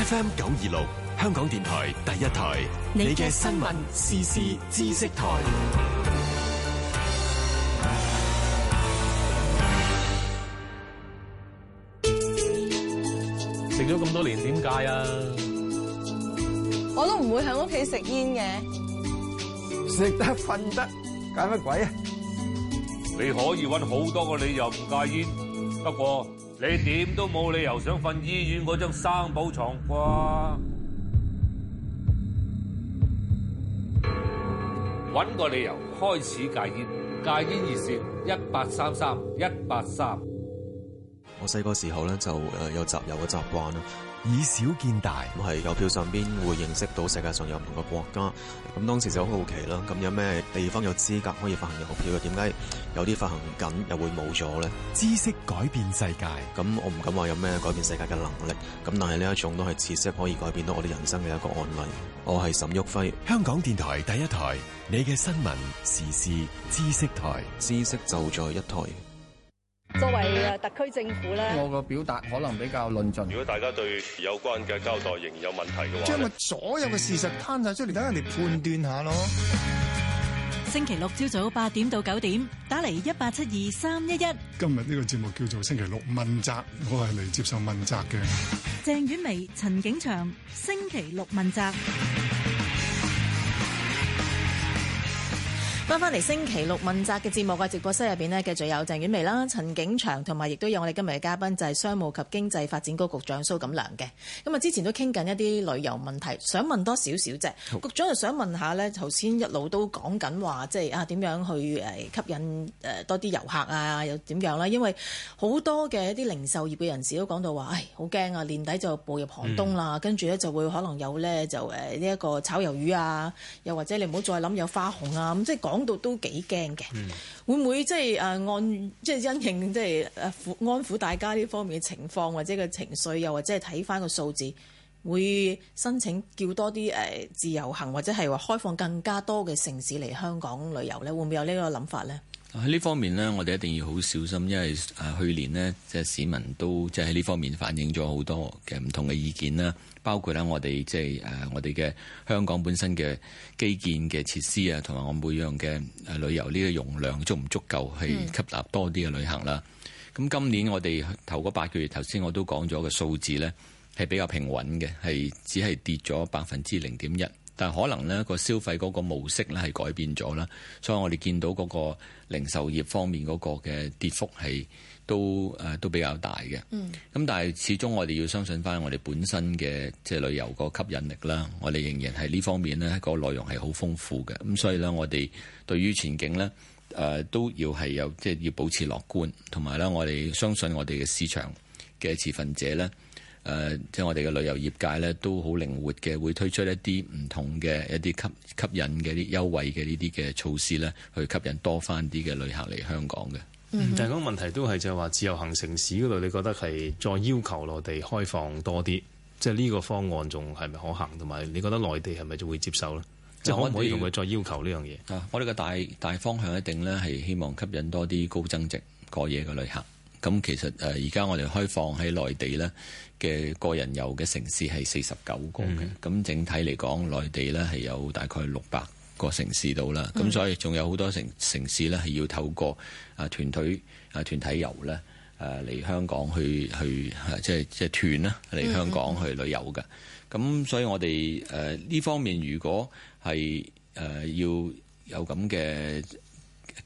FM 九二六香港電台第一台，你嘅新聞時事知識台。咗咁多年，點戒啊？我都唔會喺屋企食煙嘅，食得瞓得，戒乜鬼啊？你可以搵好多個理由唔戒煙，不過你點都冇理由想瞓醫院嗰張生寶床啩？搵個理由開始戒煙，戒煙熱線一八三三一八三。我細個時候咧就誒有集郵嘅習慣啦，以小見大，係郵票上邊會認識到世界上有唔同嘅國家。咁當時就好好奇啦，咁有咩地方有資格可以發行郵票嘅？點解有啲發行緊又會冇咗咧？知識改變世界，咁我唔敢話有咩改變世界嘅能力。咁但係呢一種都係知識可以改變到我哋人生嘅一個案例。我係沈旭輝，香港電台第一台，你嘅新聞時事知識台，知識就在一台。作為誒特區政府咧，我個表達可能比較論盡。如果大家對有關嘅交代仍然有問題嘅話，將個所有嘅事實攤晒出嚟，等人哋判斷下咯、嗯。星期六朝早八點到九點，打嚟一八七二三一一。今日呢個節目叫做星期六問責，我係嚟接受問責嘅。鄭婉薇、陳景祥，星期六問責。翻返嚟星期六問責嘅節目嘅直播室入面呢，繼續有鄭婉薇啦、陳景祥，同埋亦都有我哋今日嘅嘉賓，就係、是、商務及經濟發展局局長蘇錦樑嘅。咁啊，之前都傾緊一啲旅遊問題，想問多少少啫，局長又想問下呢，頭先一路都講緊話，即係啊點樣去、啊、吸引、啊、多啲遊客啊？又點樣啦？因為好多嘅一啲零售業嘅人士都講到話，唉，好驚啊！年底就步入寒冬啦，跟住呢，就會可能有呢，就呢一、啊這個炒魷魚啊，又或者你唔好再諗有花紅啊，咁即講到都幾驚嘅，會唔會即係誒按即係、即係、因應即係誒安撫大家呢方面嘅情況或者個情緒，又或者係睇翻個數字，會申請叫多啲誒自由行或者係話開放更加多嘅城市嚟香港旅遊咧，會唔會有這個想法呢個諗法咧？喺呢方面呢，我哋一定要好小心，因為誒去年呢，即係市民都即係喺呢方面反映咗好多嘅唔同嘅意見啦。包括啦，就是、我哋即係誒我哋嘅香港本身嘅基建嘅設施啊，同埋我每樣嘅誒旅遊呢、這個容量足唔足夠去吸納多啲嘅旅行啦。咁、嗯、今年我哋頭嗰八個月，頭先我都講咗個數字咧，係比較平穩嘅，係只係跌咗百分之零點一。但係可能咧個消費嗰個模式咧係改變咗啦，所以我哋見到嗰個零售業方面嗰個嘅跌幅係都誒都比較大嘅。咁但係始終我哋要相信返我哋本身嘅即係旅遊個吸引力啦，我哋仍然係呢方面咧個內容係好豐富嘅。咁所以咧我哋對於前景咧誒都要係有即係要保持樂觀，同埋咧我哋相信我哋嘅市場嘅持份者咧。誒、呃，即係我哋嘅旅遊業界咧，都好靈活嘅，會推出一啲唔同嘅一啲吸吸引嘅啲優惠嘅呢啲嘅措施咧，去吸引多翻啲嘅旅客嚟香港嘅。嗯，但係嗰個問題都係就係話自由行城市嗰度，你覺得係再要求內地開放多啲，即係呢個方案仲係咪可行？同埋你覺得內地係咪就會接受咧？即係可唔可以同佢再要求呢樣嘢？啊，我哋嘅大大方向一定咧係希望吸引多啲高增值過夜嘅旅客。咁其實誒，而家我哋開放喺內地呢嘅個人遊嘅城市係四十九個嘅，咁、嗯、整體嚟講，內地呢係有大概六百個城市度啦，咁、嗯、所以仲有好多城城市呢係要透過啊團隊啊團體遊呢誒嚟香港去去即係即係團啦嚟香港去旅遊嘅，咁、嗯、所以我哋誒呢方面如果係誒、呃、要有咁嘅。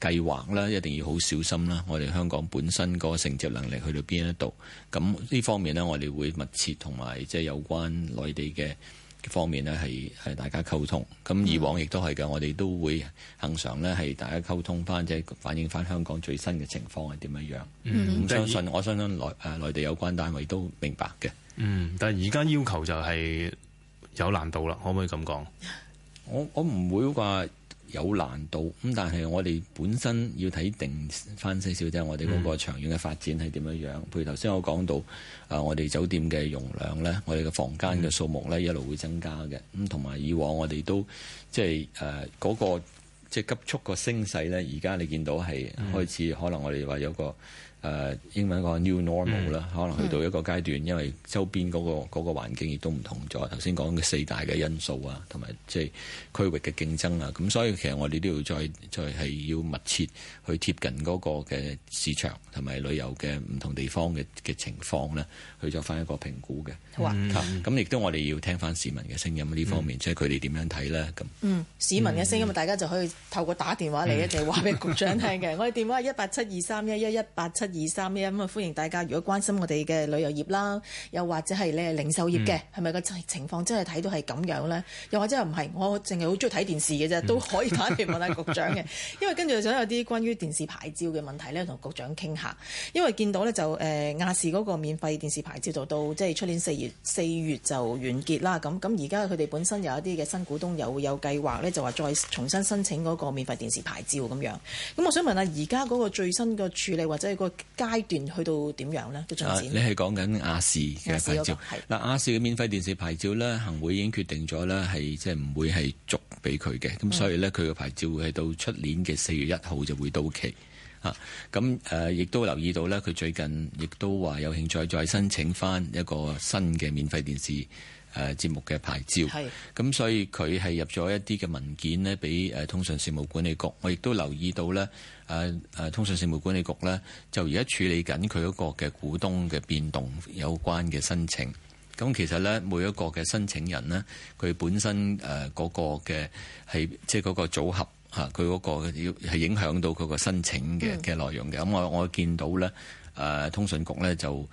計劃啦，一定要好小心啦。我哋香港本身個承接能力去到邊一度？咁呢方面呢，我哋會密切同埋即係有關內地嘅方面呢，係係大家溝通。咁以往亦都係嘅，我哋都會恒常呢係大家溝通翻，即反映翻香港最新嘅情況係點樣樣。嗯，相信、嗯、我相信內地有關單位都明白嘅。嗯，但係而家要求就係有難度啦，可唔可以咁講？我我唔會話。有難度咁，但係我哋本身要睇定翻少少，即係我哋嗰個長遠嘅發展係點樣樣。譬、嗯、如頭先我講到，啊，我哋酒店嘅容量呢，我哋嘅房間嘅數目呢，一路會增加嘅。咁同埋以往我哋都即係誒嗰個即係、就是、急速個升勢呢。而家你見到係開始、嗯、可能我哋話有個。誒英文講 new normal 啦、嗯，可能去到一個階段，嗯、因為周邊嗰、那個嗰、那個、環境亦都唔同咗。頭先講嘅四大嘅因素啊，同埋即係區域嘅競爭啊，咁所以其實我哋都要再再係要密切去貼近嗰個嘅市場同埋旅遊嘅唔同地方嘅嘅情況咧，去做翻一個評估嘅。好啊，咁、嗯、亦、嗯、都我哋要聽翻市民嘅聲音呢方面，嗯、即係佢哋點樣睇咧咁。市民嘅聲音，大家就可以透過打電話嚟咧，就話俾局長聽嘅。嗯、 我哋電話係一八七二三一一一八七。二三一咁啊！歡迎大家，如果關心我哋嘅旅遊業啦，又或者係咧零售業嘅，係咪個情況真係睇到係咁樣咧？又或者又唔係，我淨係好中意睇電視嘅啫，都可以打電話問下局長嘅。嗯、 因為跟住想有啲關於電視牌照嘅問題咧，同局長傾下。因為見到咧就誒、呃、亞視嗰個免費電視牌照就到即係出年四月四月就完結啦。咁咁而家佢哋本身有一啲嘅新股東有有計劃咧，就話再重新申請嗰個免費電視牌照咁樣。咁我想問下，而家嗰個最新個處理或者、嗰個階段去到點樣呢？嘅進展，你係講緊亞視嘅牌照。嗱，亞視嘅免費電視牌照呢，行會已經決定咗呢，係即係唔會係續俾佢嘅。咁、嗯、所以呢，佢嘅牌照係到出年嘅四月一號就會到期嚇，咁誒亦都留意到呢，佢最近亦都話有興趣再，再申請翻一個新嘅免費電視。誒節目嘅牌照，咁所以佢係入咗一啲嘅文件咧，俾誒通訊事務管理局。我亦都留意到咧，誒誒通訊事務管理局咧，就而家處理緊佢嗰個嘅股東嘅變動有關嘅申請。咁其實咧，每一個嘅申請人咧，佢本身誒、那、嗰個嘅係即係嗰個組合吓，佢嗰個要係影響到佢個申請嘅嘅內容嘅。咁、嗯、我我見到咧，誒通訊局咧就。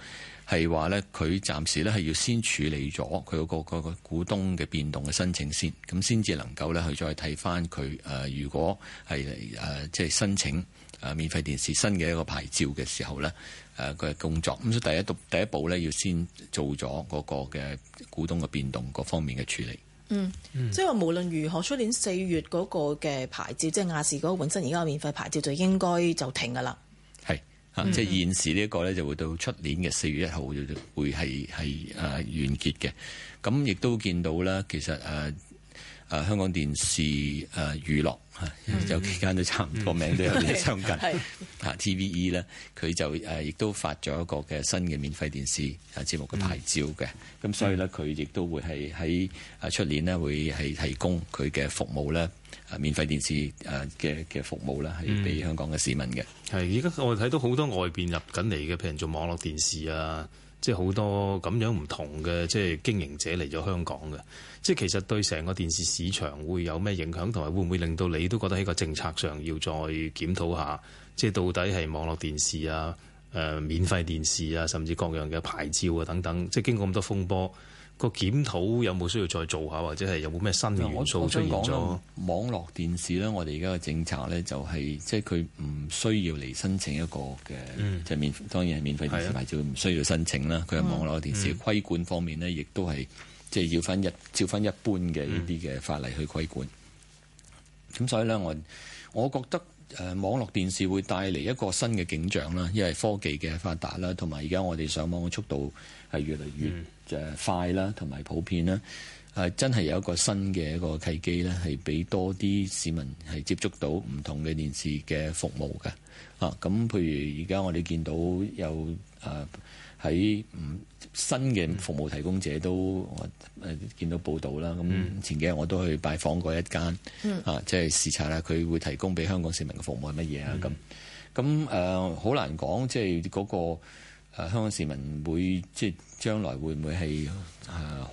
係話咧，佢暫時咧係要先處理咗佢嗰個個股東嘅變動嘅申請先，咁先至能夠咧去再睇翻佢誒，如果係誒即係申請誒免費電視新嘅一個牌照嘅時候咧誒佢嘅工作。咁所以第一第一步咧，要先做咗嗰個嘅股東嘅變動各方面嘅處理。嗯，即係話無論如何，出年四月嗰個嘅牌照，即係亞視嗰個本身而家嘅免費牌照，就應該就停噶啦。即係現時呢一個咧，就會到出年嘅四月一號就會係係誒完結嘅。咁亦都見到啦，其實誒誒、啊啊、香港電視誒、啊、娛樂、嗯、有幾間都差唔多，嗯、名都有啲相近，係 TVE 咧，佢就誒亦、啊、都發咗一個嘅新嘅免費電視啊節目嘅牌照嘅。咁所以咧，佢亦都會係喺啊出年咧會係提供佢嘅服務咧。誒免費電視誒嘅嘅服務咧，係俾香港嘅市民嘅。係而家我哋睇到好多外邊入緊嚟嘅，譬如做網絡電視啊，即係好多咁樣唔同嘅即係經營者嚟咗香港嘅。即係其實對成個電視市場會有咩影響，同埋會唔會令到你都覺得喺個政策上要再檢討下？即係到底係網絡電視啊、誒、呃、免費電視啊，甚至各樣嘅牌照啊等等，即係經過咁多風波。個檢討有冇需要再做下，或者係有冇咩新嘅元素出現咗？網絡電視咧，我哋而家嘅政策咧就係、係，即係佢唔需要嚟申請一個嘅，即係免當然係免費電視牌照唔需要申請啦。佢係網絡電視規管方面咧，亦、嗯、都係即係要翻一照翻一般嘅呢啲嘅法例去規管。咁、嗯、所以咧，我我覺得。誒網絡電視會帶嚟一個新嘅景象啦，因為科技嘅發達啦，同埋而家我哋上網嘅速度係越嚟越誒快啦，同、嗯、埋普遍啦，誒真係有一個新嘅一個契機咧，係俾多啲市民係接觸到唔同嘅電視嘅服務嘅啊！咁譬如而家我哋見到有誒。呃喺新嘅服務提供者都，誒、嗯、見到報道啦。咁前幾日我都去拜訪過一間，嗯、啊，即係視察啦。佢會提供俾香港市民嘅服務係乜嘢啊？咁咁誒，好、呃、難講，即係嗰個、呃、香港市民會即係將來會唔會係誒、呃、好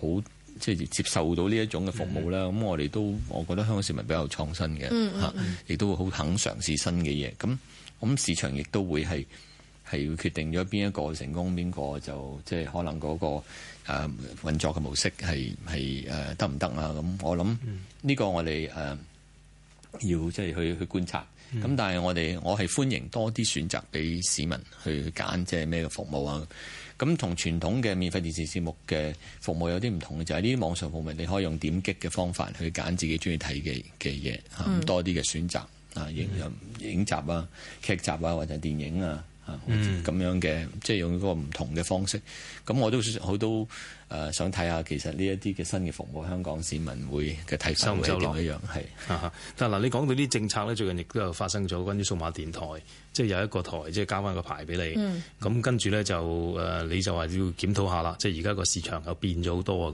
即係接受到呢一種嘅服務啦？咁、嗯、我哋都，我覺得香港市民比較創新嘅，嚇、嗯，亦、嗯啊、都會好肯嘗試新嘅嘢。咁咁、嗯、市場亦都會係。係要決定咗邊一個成功，邊個就即係、就是、可能嗰、那個誒、呃、運作嘅模式係係誒得唔得啊？咁我諗呢個我哋誒、呃、要即係去去觀察。咁、嗯、但係我哋我係歡迎多啲選擇俾市民去揀，即係咩嘅服務啊？咁同傳統嘅免費電視節目嘅服務有啲唔同嘅，就係呢啲網上服務你可以用點擊嘅方法去揀自己中意睇嘅嘅嘢，多啲嘅選擇啊，影影集啊、劇集啊或者電影啊。啊，咁樣嘅，即係用個唔同嘅方式，咁我都好多。誒、呃、想睇下其實呢一啲嘅新嘅服務，香港市民會嘅睇收唔收落一樣？係，但嗱，你講到啲政策咧，最近亦都有發生咗關於數碼電台，即、就、係、是、有一個台，即係交翻個牌俾你。嗯，咁跟住咧就誒，你就話要檢討下啦。即係而家個市場又變咗好多啊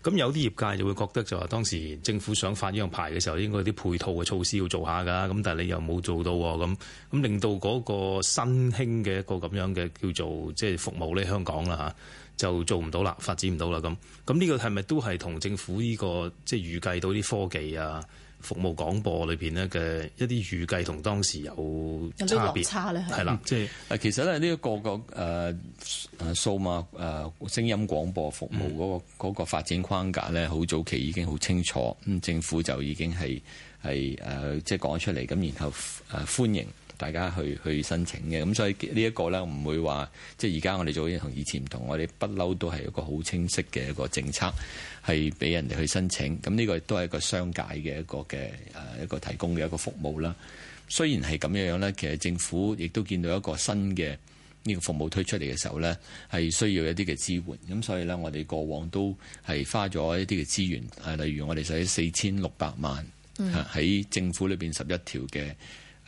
咁。咁有啲業界就會覺得就話、是，當時政府想發呢樣牌嘅時候，應該有啲配套嘅措施要做下㗎。咁但係你又冇做到喎咁，咁令到嗰個新興嘅一個咁樣嘅叫做即係、就是、服務咧，香港啦吓就做唔到啦，發展唔到啦咁。咁呢個係咪都係同政府呢、這個即係、就是、預計到啲科技啊、服務廣播裏邊呢嘅一啲預計同當時有有啲差別？係啦，即係、嗯、其實咧呢一個個誒誒數碼誒、呃、聲音廣播服務嗰、那個嗰、嗯那個、發展框架咧，好早期已經好清楚。咁政府就已經係係誒即係講出嚟，咁然後誒、呃、歡迎。大家去去申請嘅，咁所以呢一個呢唔會話即係而家我哋做嘢同以前唔同，我哋不嬲都係一個好清晰嘅一個政策，係俾人哋去申請。咁呢個都係一個商界嘅一個嘅誒一個提供嘅一個服務啦。雖然係咁樣樣呢，其實政府亦都見到一個新嘅呢個服務推出嚟嘅時候呢，係需要一啲嘅支援。咁所以呢，我哋過往都係花咗一啲嘅資源，誒，例如我哋使四千六百萬喺政府裏邊十一條嘅。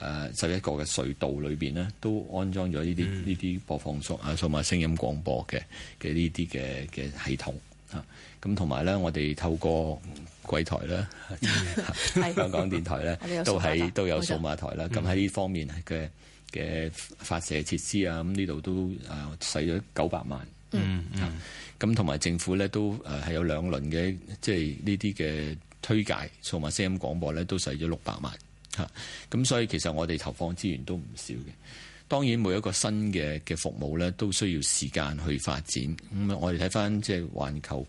誒、啊，十一個嘅隧道裏邊呢，都安裝咗呢啲呢啲播放數啊數碼聲音廣播嘅嘅呢啲嘅嘅系統嚇。咁同埋咧，我哋透過港台啦、 啊，香港電台咧，都 係都有數碼台啦。咁喺呢方面嘅嘅發射設施啊，咁呢度都誒使咗九百萬。嗯。咁同埋政府咧都誒係有兩輪嘅，即係呢啲嘅推介數碼聲音廣播咧，都使咗六百萬。嚇、嗯！咁所以其實我哋投放資源都唔少嘅。當然每一個新嘅嘅服務咧，都需要時間去發展。咁我哋睇翻即係環球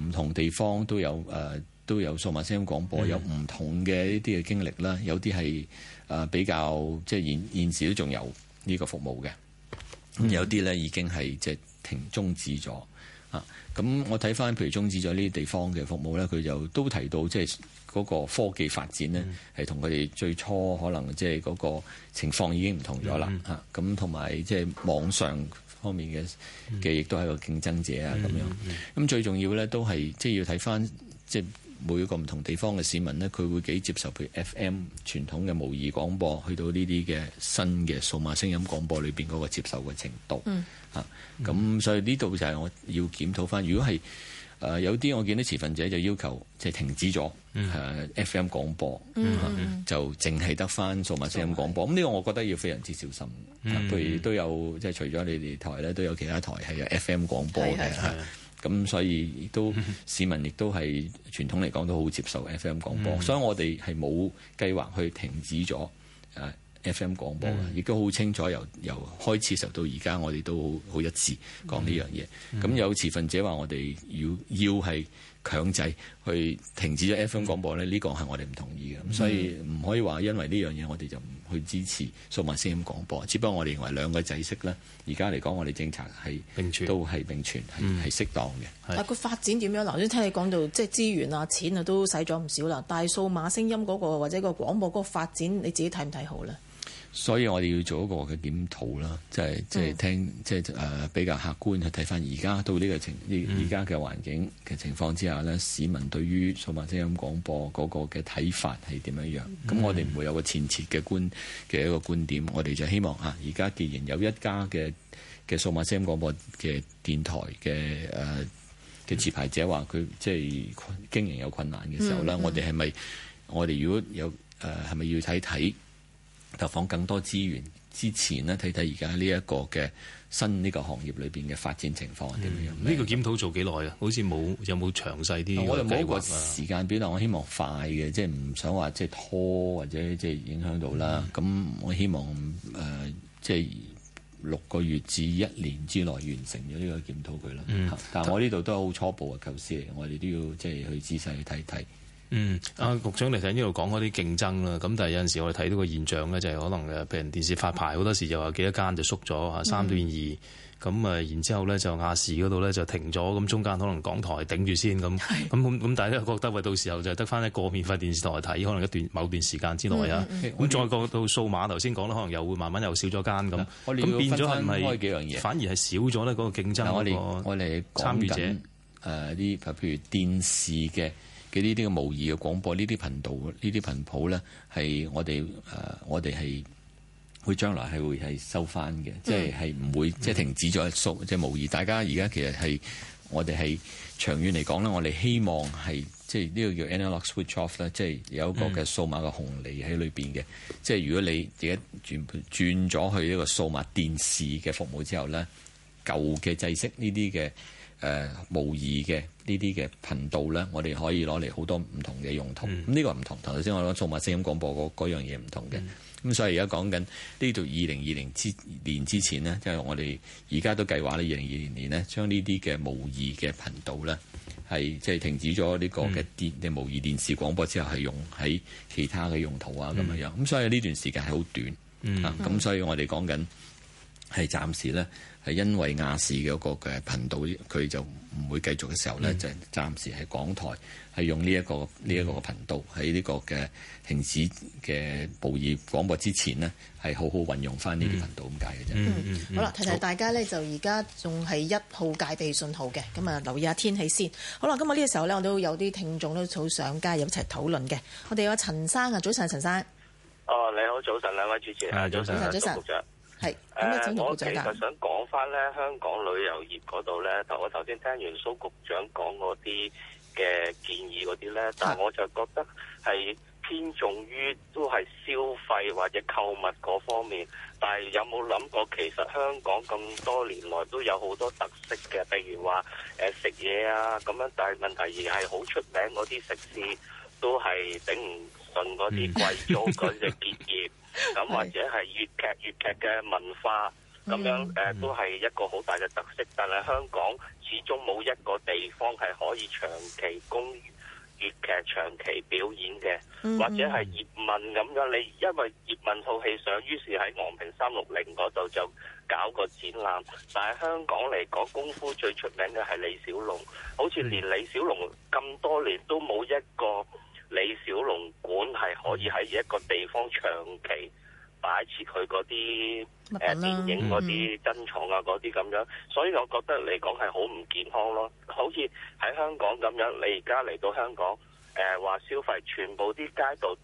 唔同地方都有誒、呃、都有數碼聲音廣播，有唔同嘅呢啲嘅經歷啦。有啲係誒比較即係現現時都仲有呢個服務嘅。咁有啲咧已經係即係停中止咗。嚇、嗯！咁我睇翻譬如中止咗呢啲地方嘅服務咧，佢就都提到即係。嗰、那個科技發展呢，係同佢哋最初可能即係嗰個情況已經唔同咗啦嚇。咁同埋即係網上方面嘅嘅、嗯、亦都係個競爭者啊咁、嗯、樣。咁、嗯嗯、最重要呢，都係即係要睇翻即係每一個唔同地方嘅市民呢，佢會幾接受，譬如 FM 傳統嘅模擬廣播，去到呢啲嘅新嘅數碼聲音廣播裏邊嗰個接受嘅程度嚇。咁、嗯啊、所以呢度就係我要檢討翻，如果係。誒有啲我見到持份者就要求即係停止咗誒 FM 廣播，嗯、就淨係得翻數碼聲音廣播。咁、嗯、呢、這個我覺得要非常之小心。譬、嗯、如都有即係除咗你哋台咧，都有其他台係有 FM 廣播嘅，咁、嗯、所以都、嗯、市民亦都係傳統嚟講都好接受 FM 廣播、嗯，所以我哋係冇計劃去停止咗 F.M. 廣播嘅亦都好清楚，由由開始時候到而家，我哋都好好一致講呢樣嘢。咁有持份者話：我哋要要係強制去停止咗 F.M. 廣播呢，呢、呢個係我哋唔同意嘅。所以唔可以話，因為呢樣嘢我哋就唔去支持數碼聲音廣播。只不過我哋認為兩個制式呢，而家嚟講，我哋政策係並存都係並存係係適當嘅。但個發展點樣？頭先聽你講到即資源啊、錢啊都使咗唔少啦。但數碼聲音嗰個或者個廣播嗰個發展，你自己睇唔睇好呢？所以我哋要做一個嘅檢討啦，即係即係聽即係誒比較客觀去睇翻而家到呢個情，呢而家嘅環境嘅情況之下咧、嗯，市民對於數碼聲音廣播嗰個嘅睇法係點樣樣，咁、嗯、我哋唔會有一個前設嘅觀嘅一個觀點，我哋就希望啊，而家既然有一家嘅嘅數碼聲音廣播嘅電台嘅誒嘅持牌者話，佢即係經營有困難嘅時候咧、嗯嗯，我哋係咪我哋如果有誒係咪要睇睇？投放更多資源之前呢，睇睇而家呢一個嘅新呢個行業裏邊嘅發展情況係點樣？呢、嗯呢個檢討做幾耐啊？好似冇有冇詳細啲嘅計劃啊？我冇一個時間表，但我希望快嘅，即係唔想話即係拖或者即係影響到啦。咁、嗯、我希望誒、呃、即係六個月至一年之內完成咗呢個檢討佢啦、嗯。但係我呢度都係好初步嘅構思嚟，我哋都要即係去仔細去睇睇。嗯，阿局長嚟睇呢度講嗰啲競爭啦。咁但係有陣時我哋睇到個現象咧，就係可能誒，譬如電視發牌好多時就話幾多間就縮咗啊，三段二咁、嗯、啊。然之後咧就亞視嗰度咧就停咗，咁中間可能港台頂住先咁。咁咁咁，大家覺得喂，到時候就得翻一個免費電視台睇，可能一段某段時間之內啊。咁、嗯嗯嗯、再過到數碼，頭先講啦，可能又會慢慢又少咗間咁。咁、嗯、變咗係唔係反而係少咗咧？嗰個競爭參與者、嗯、我哋我哋講緊誒啲，譬、呃、如電視嘅。呢啲嘅模擬嘅廣播，呢啲頻道，呢啲頻譜咧，係我哋誒，我哋係會將來係會係收翻嘅、嗯，即係係唔會即係停止咗數即係模擬。大家而家其實係我哋係長遠嚟講咧，我哋希望係即係呢個叫 analog switch off 咧，即係有一個嘅數碼嘅紅利喺裏邊嘅。即係如果你而家轉轉咗去一個數碼電視嘅服務之後咧，舊嘅製式呢啲嘅。誒、呃、模擬嘅呢啲嘅頻道咧，我哋可以攞嚟好多唔同嘅用途。咁、嗯、呢、這個唔同，頭先我講數碼聲音廣播嗰樣嘢唔同嘅。咁、嗯、所以而家講緊呢度二零二零之年之前呢，即、就、係、是、我哋而家都計劃呢，二零二零年呢，將呢啲嘅模擬嘅頻道咧，係即係停止咗呢個嘅電嘅、嗯、模擬電視廣播之後，係用喺其他嘅用途啊咁樣樣。咁所以呢段時間係好短咁、嗯啊、所以我哋講緊係暫時咧。係因為亞視嘅一個嘅頻道，佢就唔會繼續嘅時候咧，就、嗯、暫時喺港台係用呢一個呢一個頻道喺呢、嗯、個嘅停止嘅無意廣播之前呢，係好好運用翻呢啲頻道咁解嘅啫。嗯嗯，嗯。好啦，提提大家咧，就而家仲係一號戒備信號嘅，咁、嗯、啊留意一下天氣先。好啦，今日呢個時候咧，我都有啲聽眾都好想加入一齊討論嘅。我哋有陳生啊，早晨，陳生。哦，你好，早晨，兩位主持。啊，早晨，早晨。早係、嗯，我其實想講翻咧香港旅遊業嗰度咧，就我頭先聽完蘇局長講嗰啲嘅建議嗰啲咧，但我就覺得係偏重於都係消費或者購物嗰方面，但係有冇諗過其實香港咁多年來都有好多特色嘅，譬如話食嘢啊咁樣，但係問題而係好出名嗰啲食肆都係頂唔順嗰啲貴租嗰隻結業。嗯 咁或者係粵劇粵劇嘅文化，咁樣、mm-hmm. 誒都係一個好大嘅特色。但係香港始終冇一個地方係可以長期供粵劇長期表演嘅，mm-hmm. 或者係葉問咁樣。你因為葉問套戲上，於是喺昂坪三六零嗰度就搞個展覽。但係香港嚟講，功夫最出名嘅係李小龍，好似連李小龍咁多年都冇一個。李小龍館係可以喺一個地方長期擺設佢嗰啲誒電影嗰啲珍藏啊嗰啲咁樣，所以我覺得嚟講係好唔健康咯。好似喺香港咁樣，你而家嚟到香港誒話消費全部啲街道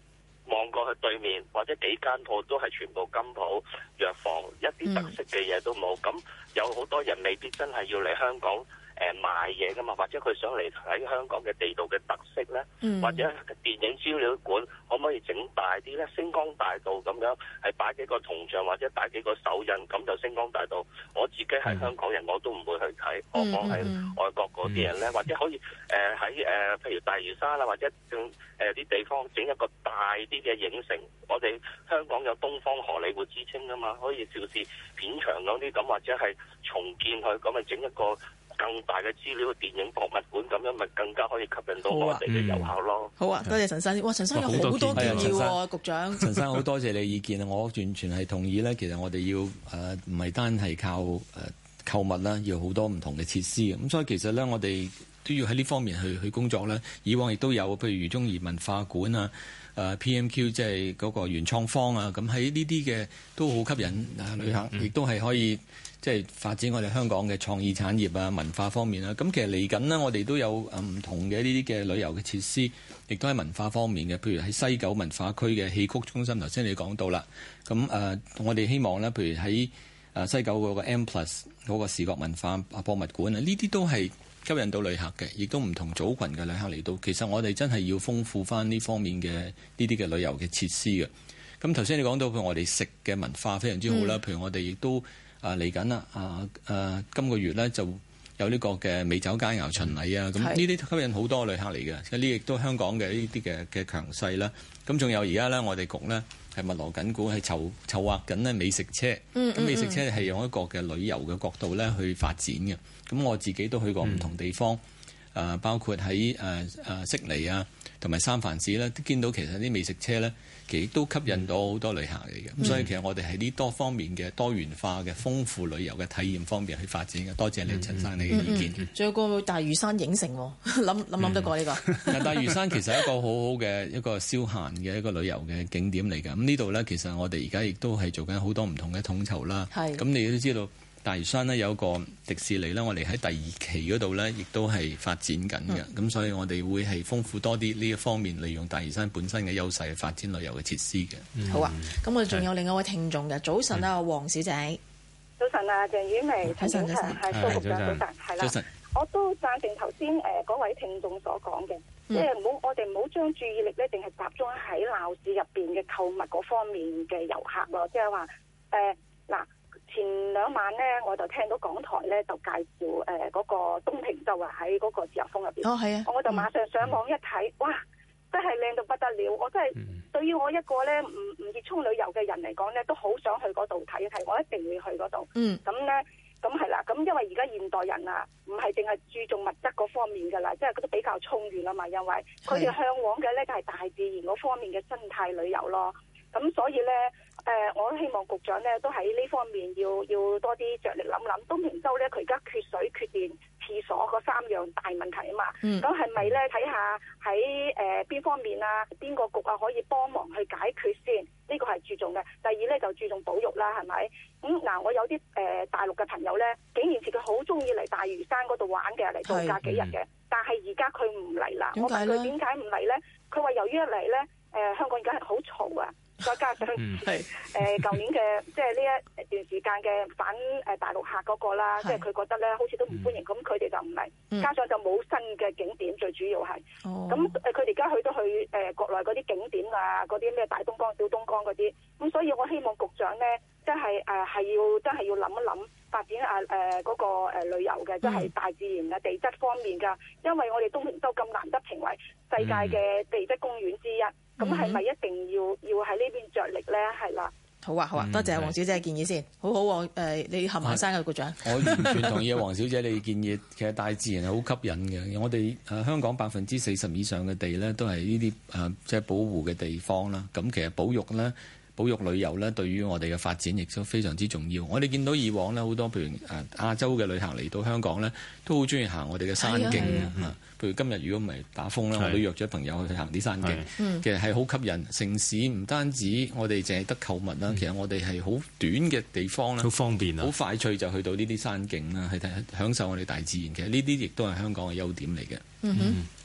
望過去對面或者幾間鋪都係全部金鋪藥房，一啲特色嘅嘢都冇。咁有好多人未必真係要嚟香港。誒賣嘢噶嘛，或者佢想嚟睇香港嘅地道嘅特色咧、嗯，或者電影資料館可唔可以整大啲咧？星光大道咁樣係擺幾個銅像或者擺幾個手印咁就星光大道。我自己係香港人，我都唔會去睇。我講喺外國嗰啲人咧、嗯，或者可以誒喺誒，譬如大嶼山啦，或者誒啲地方整一個大啲嘅影城。我哋香港有東方荷里活之稱噶嘛，可以照攝片場嗰啲咁，或者係重建佢咁咪整一個更大嘅資料電影博物館咁樣咪更加可以吸引到我哋嘅遊客咯。好啊，多、嗯啊、謝，謝陳生。哇，陳生有好多建議喎，局長。 陳生好多謝你意見啊，我完全係同意咧。其實我哋要誒唔係單係靠誒、呃、購物啦，要好多唔同嘅設施，咁所以其實咧，我哋都要喺呢方面去去工作咧。以往亦都有，譬如如宗頤文化館啊、誒、呃、PMQ 即係嗰個元創方啊，咁喺呢啲嘅都好吸引旅客，亦、嗯呃、都係可以。即係發展我哋香港嘅創意產業啊、文化方面啦，咁其實嚟緊呢，我哋都有誒唔同嘅呢啲嘅旅遊嘅設施，亦都係文化方面嘅，譬如喺西九文化區嘅戲曲中心，頭先你講到啦。咁誒，我哋希望呢，譬如喺誒西九嗰個 M Plus 嗰個視覺文化博物館啊，呢啲都係吸引到旅客嘅，亦都唔同組群嘅旅客嚟到。其實我哋真係要豐富返呢方面嘅呢啲嘅旅遊嘅設施嘅。咁頭先你講到佢，我哋食嘅文化非常之好啦、嗯，譬如我哋亦都。啊，嚟緊啦！啊，誒、啊，今個月咧就有呢個嘅美酒佳肴巡禮啊！咁呢啲吸引好多旅客嚟嘅，咁呢亦都香港嘅呢啲嘅嘅強勢啦。咁仲有而家咧，我哋局咧係密鑼緊鼓，係籌籌劃緊咧美食車。嗯，嗯，嗯，咁美食車係用一個嘅旅遊嘅角度咧去發展嘅。咁我自己都去過唔同地方，誒、嗯啊，包括喺誒誒悉尼啊，同埋三藩市咧，都見到其實啲美食車咧。幾都吸引到好多旅客嚟嘅，咁、嗯、所以其實我哋喺呢多方面嘅多元化嘅豐富旅遊嘅體驗方面去發展嘅。多謝你，嗯、陳生你嘅意見。仲、嗯、有一個大嶼山影城喎，諗諗諗得過呢、嗯這個？大嶼山其實係一個好好嘅 一個消閒嘅一個旅遊嘅景點嚟嘅。咁呢度咧，其實我哋而家亦都係做緊好多唔同嘅統籌啦。係。咁你都知道。大嶼山咧有個迪士尼咧，我哋喺第二期嗰度咧，亦都係發展緊嘅。咁、嗯、所以我哋會係豐富多啲呢一方面，利用大嶼山本身嘅優勢發展旅遊嘅設施嘅、嗯。好啊，咁我哋仲有另外一位聽眾嘅，早晨啊，黃小姐，早晨啊，鄭婉薇，早晨，係蘇局長，早晨，我都贊成頭先誒嗰位聽眾所講嘅，即係唔好，我哋唔好將注意力咧，淨係集中喺鬧市入邊嘅購物嗰方面嘅遊客咯，即係話誒嗱。呃前兩晚咧，我就聽到港台咧就介紹誒嗰個東平洲啊，喺嗰個自由風入邊。哦，係啊！我就馬上上網一睇、嗯，哇，真係靚到不得了！我真係、嗯、對於我一個咧唔唔熱衷旅遊嘅人嚟講咧，都好想去嗰度睇一睇，我一定會去嗰度。嗯。咁、嗯、咧，咁係啦，咁、啊、因為而家現代人啊，唔係淨係注重物質嗰方面噶啦，即係佢都比較充裕啦嘛。因為佢哋向往嘅咧都係大自然嗰方面嘅生態旅遊咯。咁所以咧。誒、呃，我希望局長咧都喺呢方面要要多啲着力諗諗，東平洲咧佢而家缺水、缺電、廁所嗰三樣大問題啊嘛。咁係咪咧睇下喺誒邊方面啊邊個局啊可以幫忙去解決先？呢、這個係注重嘅。第二咧就注重保育啦，係咪？咁、嗯、嗱，我有啲誒、呃、大陸嘅朋友咧，竟然幾年前佢好中意嚟大嶼山嗰度玩嘅，嚟度假幾日嘅，但係而家佢唔嚟啦。點解？我問佢點解唔嚟咧？佢話由於一嚟咧，誒，香港而家係好嘈啊。再加上誒舊、嗯、年嘅，即係呢一段時間嘅反誒大陸客嗰、那個啦，即係佢覺得咧好似都唔歡迎，咁佢哋就唔嚟、嗯。加上就冇新嘅景點，最主要係。咁誒佢哋而家去都去誒、呃、國內嗰啲景點啊，嗰啲咩大東江、小東江嗰啲。咁所以我希望局長咧，即係誒係要真係要諗一諗發展啊誒嗰、呃那個旅遊嘅，即係大自然嘅地質方面噶、嗯，因為我哋東平洲咁難得成為世界嘅地質公園之一，咁係咪一定？係啦、啊，好啊好啊，嗯，多謝黃小姐嘅建議先，好好誒，呃，你合埋山嘅局長，我完全同意啊，黃小姐 你嘅建議，其實大自然係好吸引嘅，我哋誒、呃、香港百分之四十以上嘅地咧都係呢啲誒即係保護嘅地方啦，咁、啊、其實保育咧。保育旅遊咧，對於我哋嘅發展亦都非常之重要。我哋見到以往咧，好多譬如誒亞洲嘅旅行嚟到香港呢都好中意行我哋嘅山徑、啊啊、譬如今日如果唔係打風啦、啊，我都約咗朋友去行啲山徑、啊啊。其實係好吸引。城市唔單止我哋淨係得購物啦、嗯，其實我哋係好短嘅地方咧，好方便好、啊、快脆就去到呢啲山徑啦，去睇享受我哋大自然。其實呢啲亦都係香港嘅優點嚟嘅。嗯哼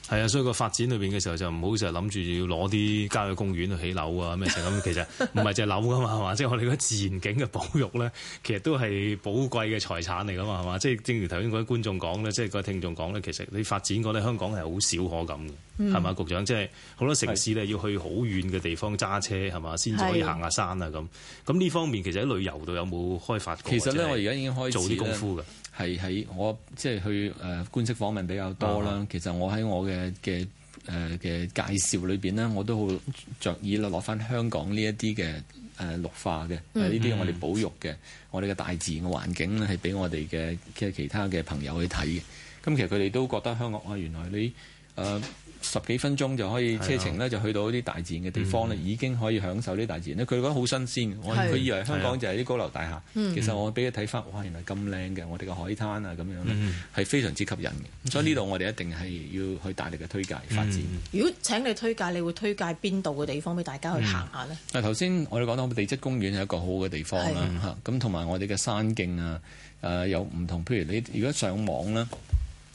係啊，所以個發展裏面嘅時候就唔好成日諗住要攞啲郊野公園去起樓啊咩咁，其實唔係只係樓噶嘛，係 嘛？即係我哋嗰個自然景嘅保育咧，其實都係寶貴嘅財產嚟噶嘛，係嘛？即係正如頭先嗰啲觀眾講咧，即係嗰個聽眾講咧，其實你發展過呢，香港係好少可咁嘅，係、嗯、嘛？局長即係好多城市咧要去好遠嘅地方揸車係嘛，先至可以行下山啊咁。咁呢方面其實喺旅遊度有冇開發過？其實咧，我而家已經開始做啲功夫㗎。係喺我即係去誒、呃、官式訪問比較多啦、哦。其實我喺我嘅嘅嘅介紹裏面呢，我都好着意落返翻香港呢一啲嘅綠化嘅呢啲我哋保育嘅、嗯、我哋嘅大自然嘅環境係俾我哋嘅嘅其他嘅朋友去睇嘅。咁其實佢哋都覺得香港，啊，原來你、呃十幾分鐘就可以車程咧，就去到啲大自然嘅地方咧，嗯、已經可以享受啲大自然咧。佢覺得好新鮮，我佢以為香港就係啲高樓大廈，嗯、其實我俾佢睇翻，哇！原來咁靚嘅，我哋嘅海灘啊咁樣咧，係、嗯、非常之吸引嘅。所以呢度我哋一定係要去大力嘅推介發展。嗯、如果請你推介，你會推介邊度嘅地方俾大家去行下呢？嗱，頭先我哋講到地質公園係一個好嘅地方啦，嚇咁同埋我哋嘅山徑啊，誒有唔同。譬如你如果上網啦。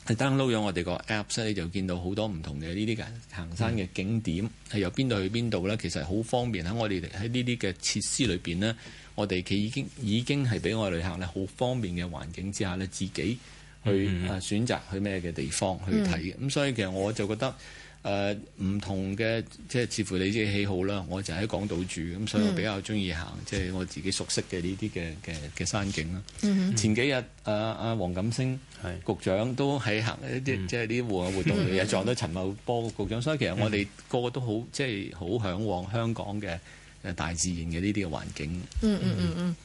係 download 咗我哋個 app，你就見到好多唔同嘅呢啲嘅行山嘅景點，係、嗯、由邊度去邊度咧？其實好方便，喺我哋喺呢啲嘅設施裏邊咧，我哋佢已經已經係俾我哋旅客咧好方便嘅環境之下咧，自己去啊選擇去咩嘅地方去睇嘅咁、嗯、所以其實我就覺得。誒、uh, 唔同嘅，即係似乎你自己喜好啦。我就喺港島住，咁所以我比較中意行，即、mm-hmm. 係我自己熟悉嘅呢啲嘅嘅嘅山景啦。Mm-hmm. 前幾日阿阿黃錦星局長都喺行一啲、mm-hmm. 即係啲戶外活動，又撞到陳茂波局長。Mm-hmm. 所以其實我哋個個都好，即係好向往香港嘅誒大自然嘅呢啲嘅環境。嗯嗯嗯嗯。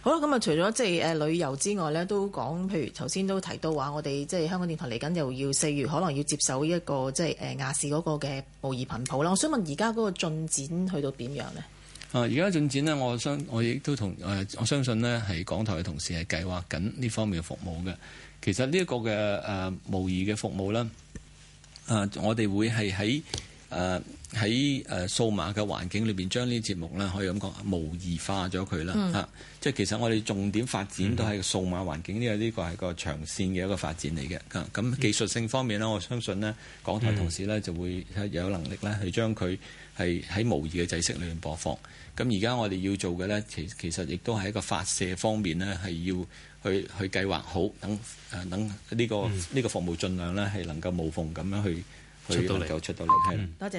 好啦，咁啊，除咗即係誒旅遊之外咧，都講，譬如頭先都提到話，我哋即係香港電台嚟緊又要四月可能要接手一個即係誒亞視嗰個嘅模擬頻譜啦。我想問而家嗰個進展去到點樣呢？啊，而家進展呢，我相我亦都同誒，我相信呢係港台嘅同事係計劃緊呢方面嘅服務嘅。其實呢一個嘅誒模擬嘅服務咧，啊，我哋會係喺誒。呃喺誒數碼嘅環境裏邊將呢啲節目咧，可以咁講模擬化咗佢啦吓，即、嗯、係其實我哋重點發展都係數碼環境呢、嗯這個呢個係個長線嘅一個發展嚟嘅。咁技術性方面咧，我相信咧，港台同事咧就會有能力咧去將佢係喺模擬嘅制式裏邊播放。咁而家我哋要做嘅咧，其其實亦都係一個發射方面咧，係要去去計劃好等等呢個呢個服務，盡量咧係能夠無縫咁樣去去能夠出到嚟。係，多謝。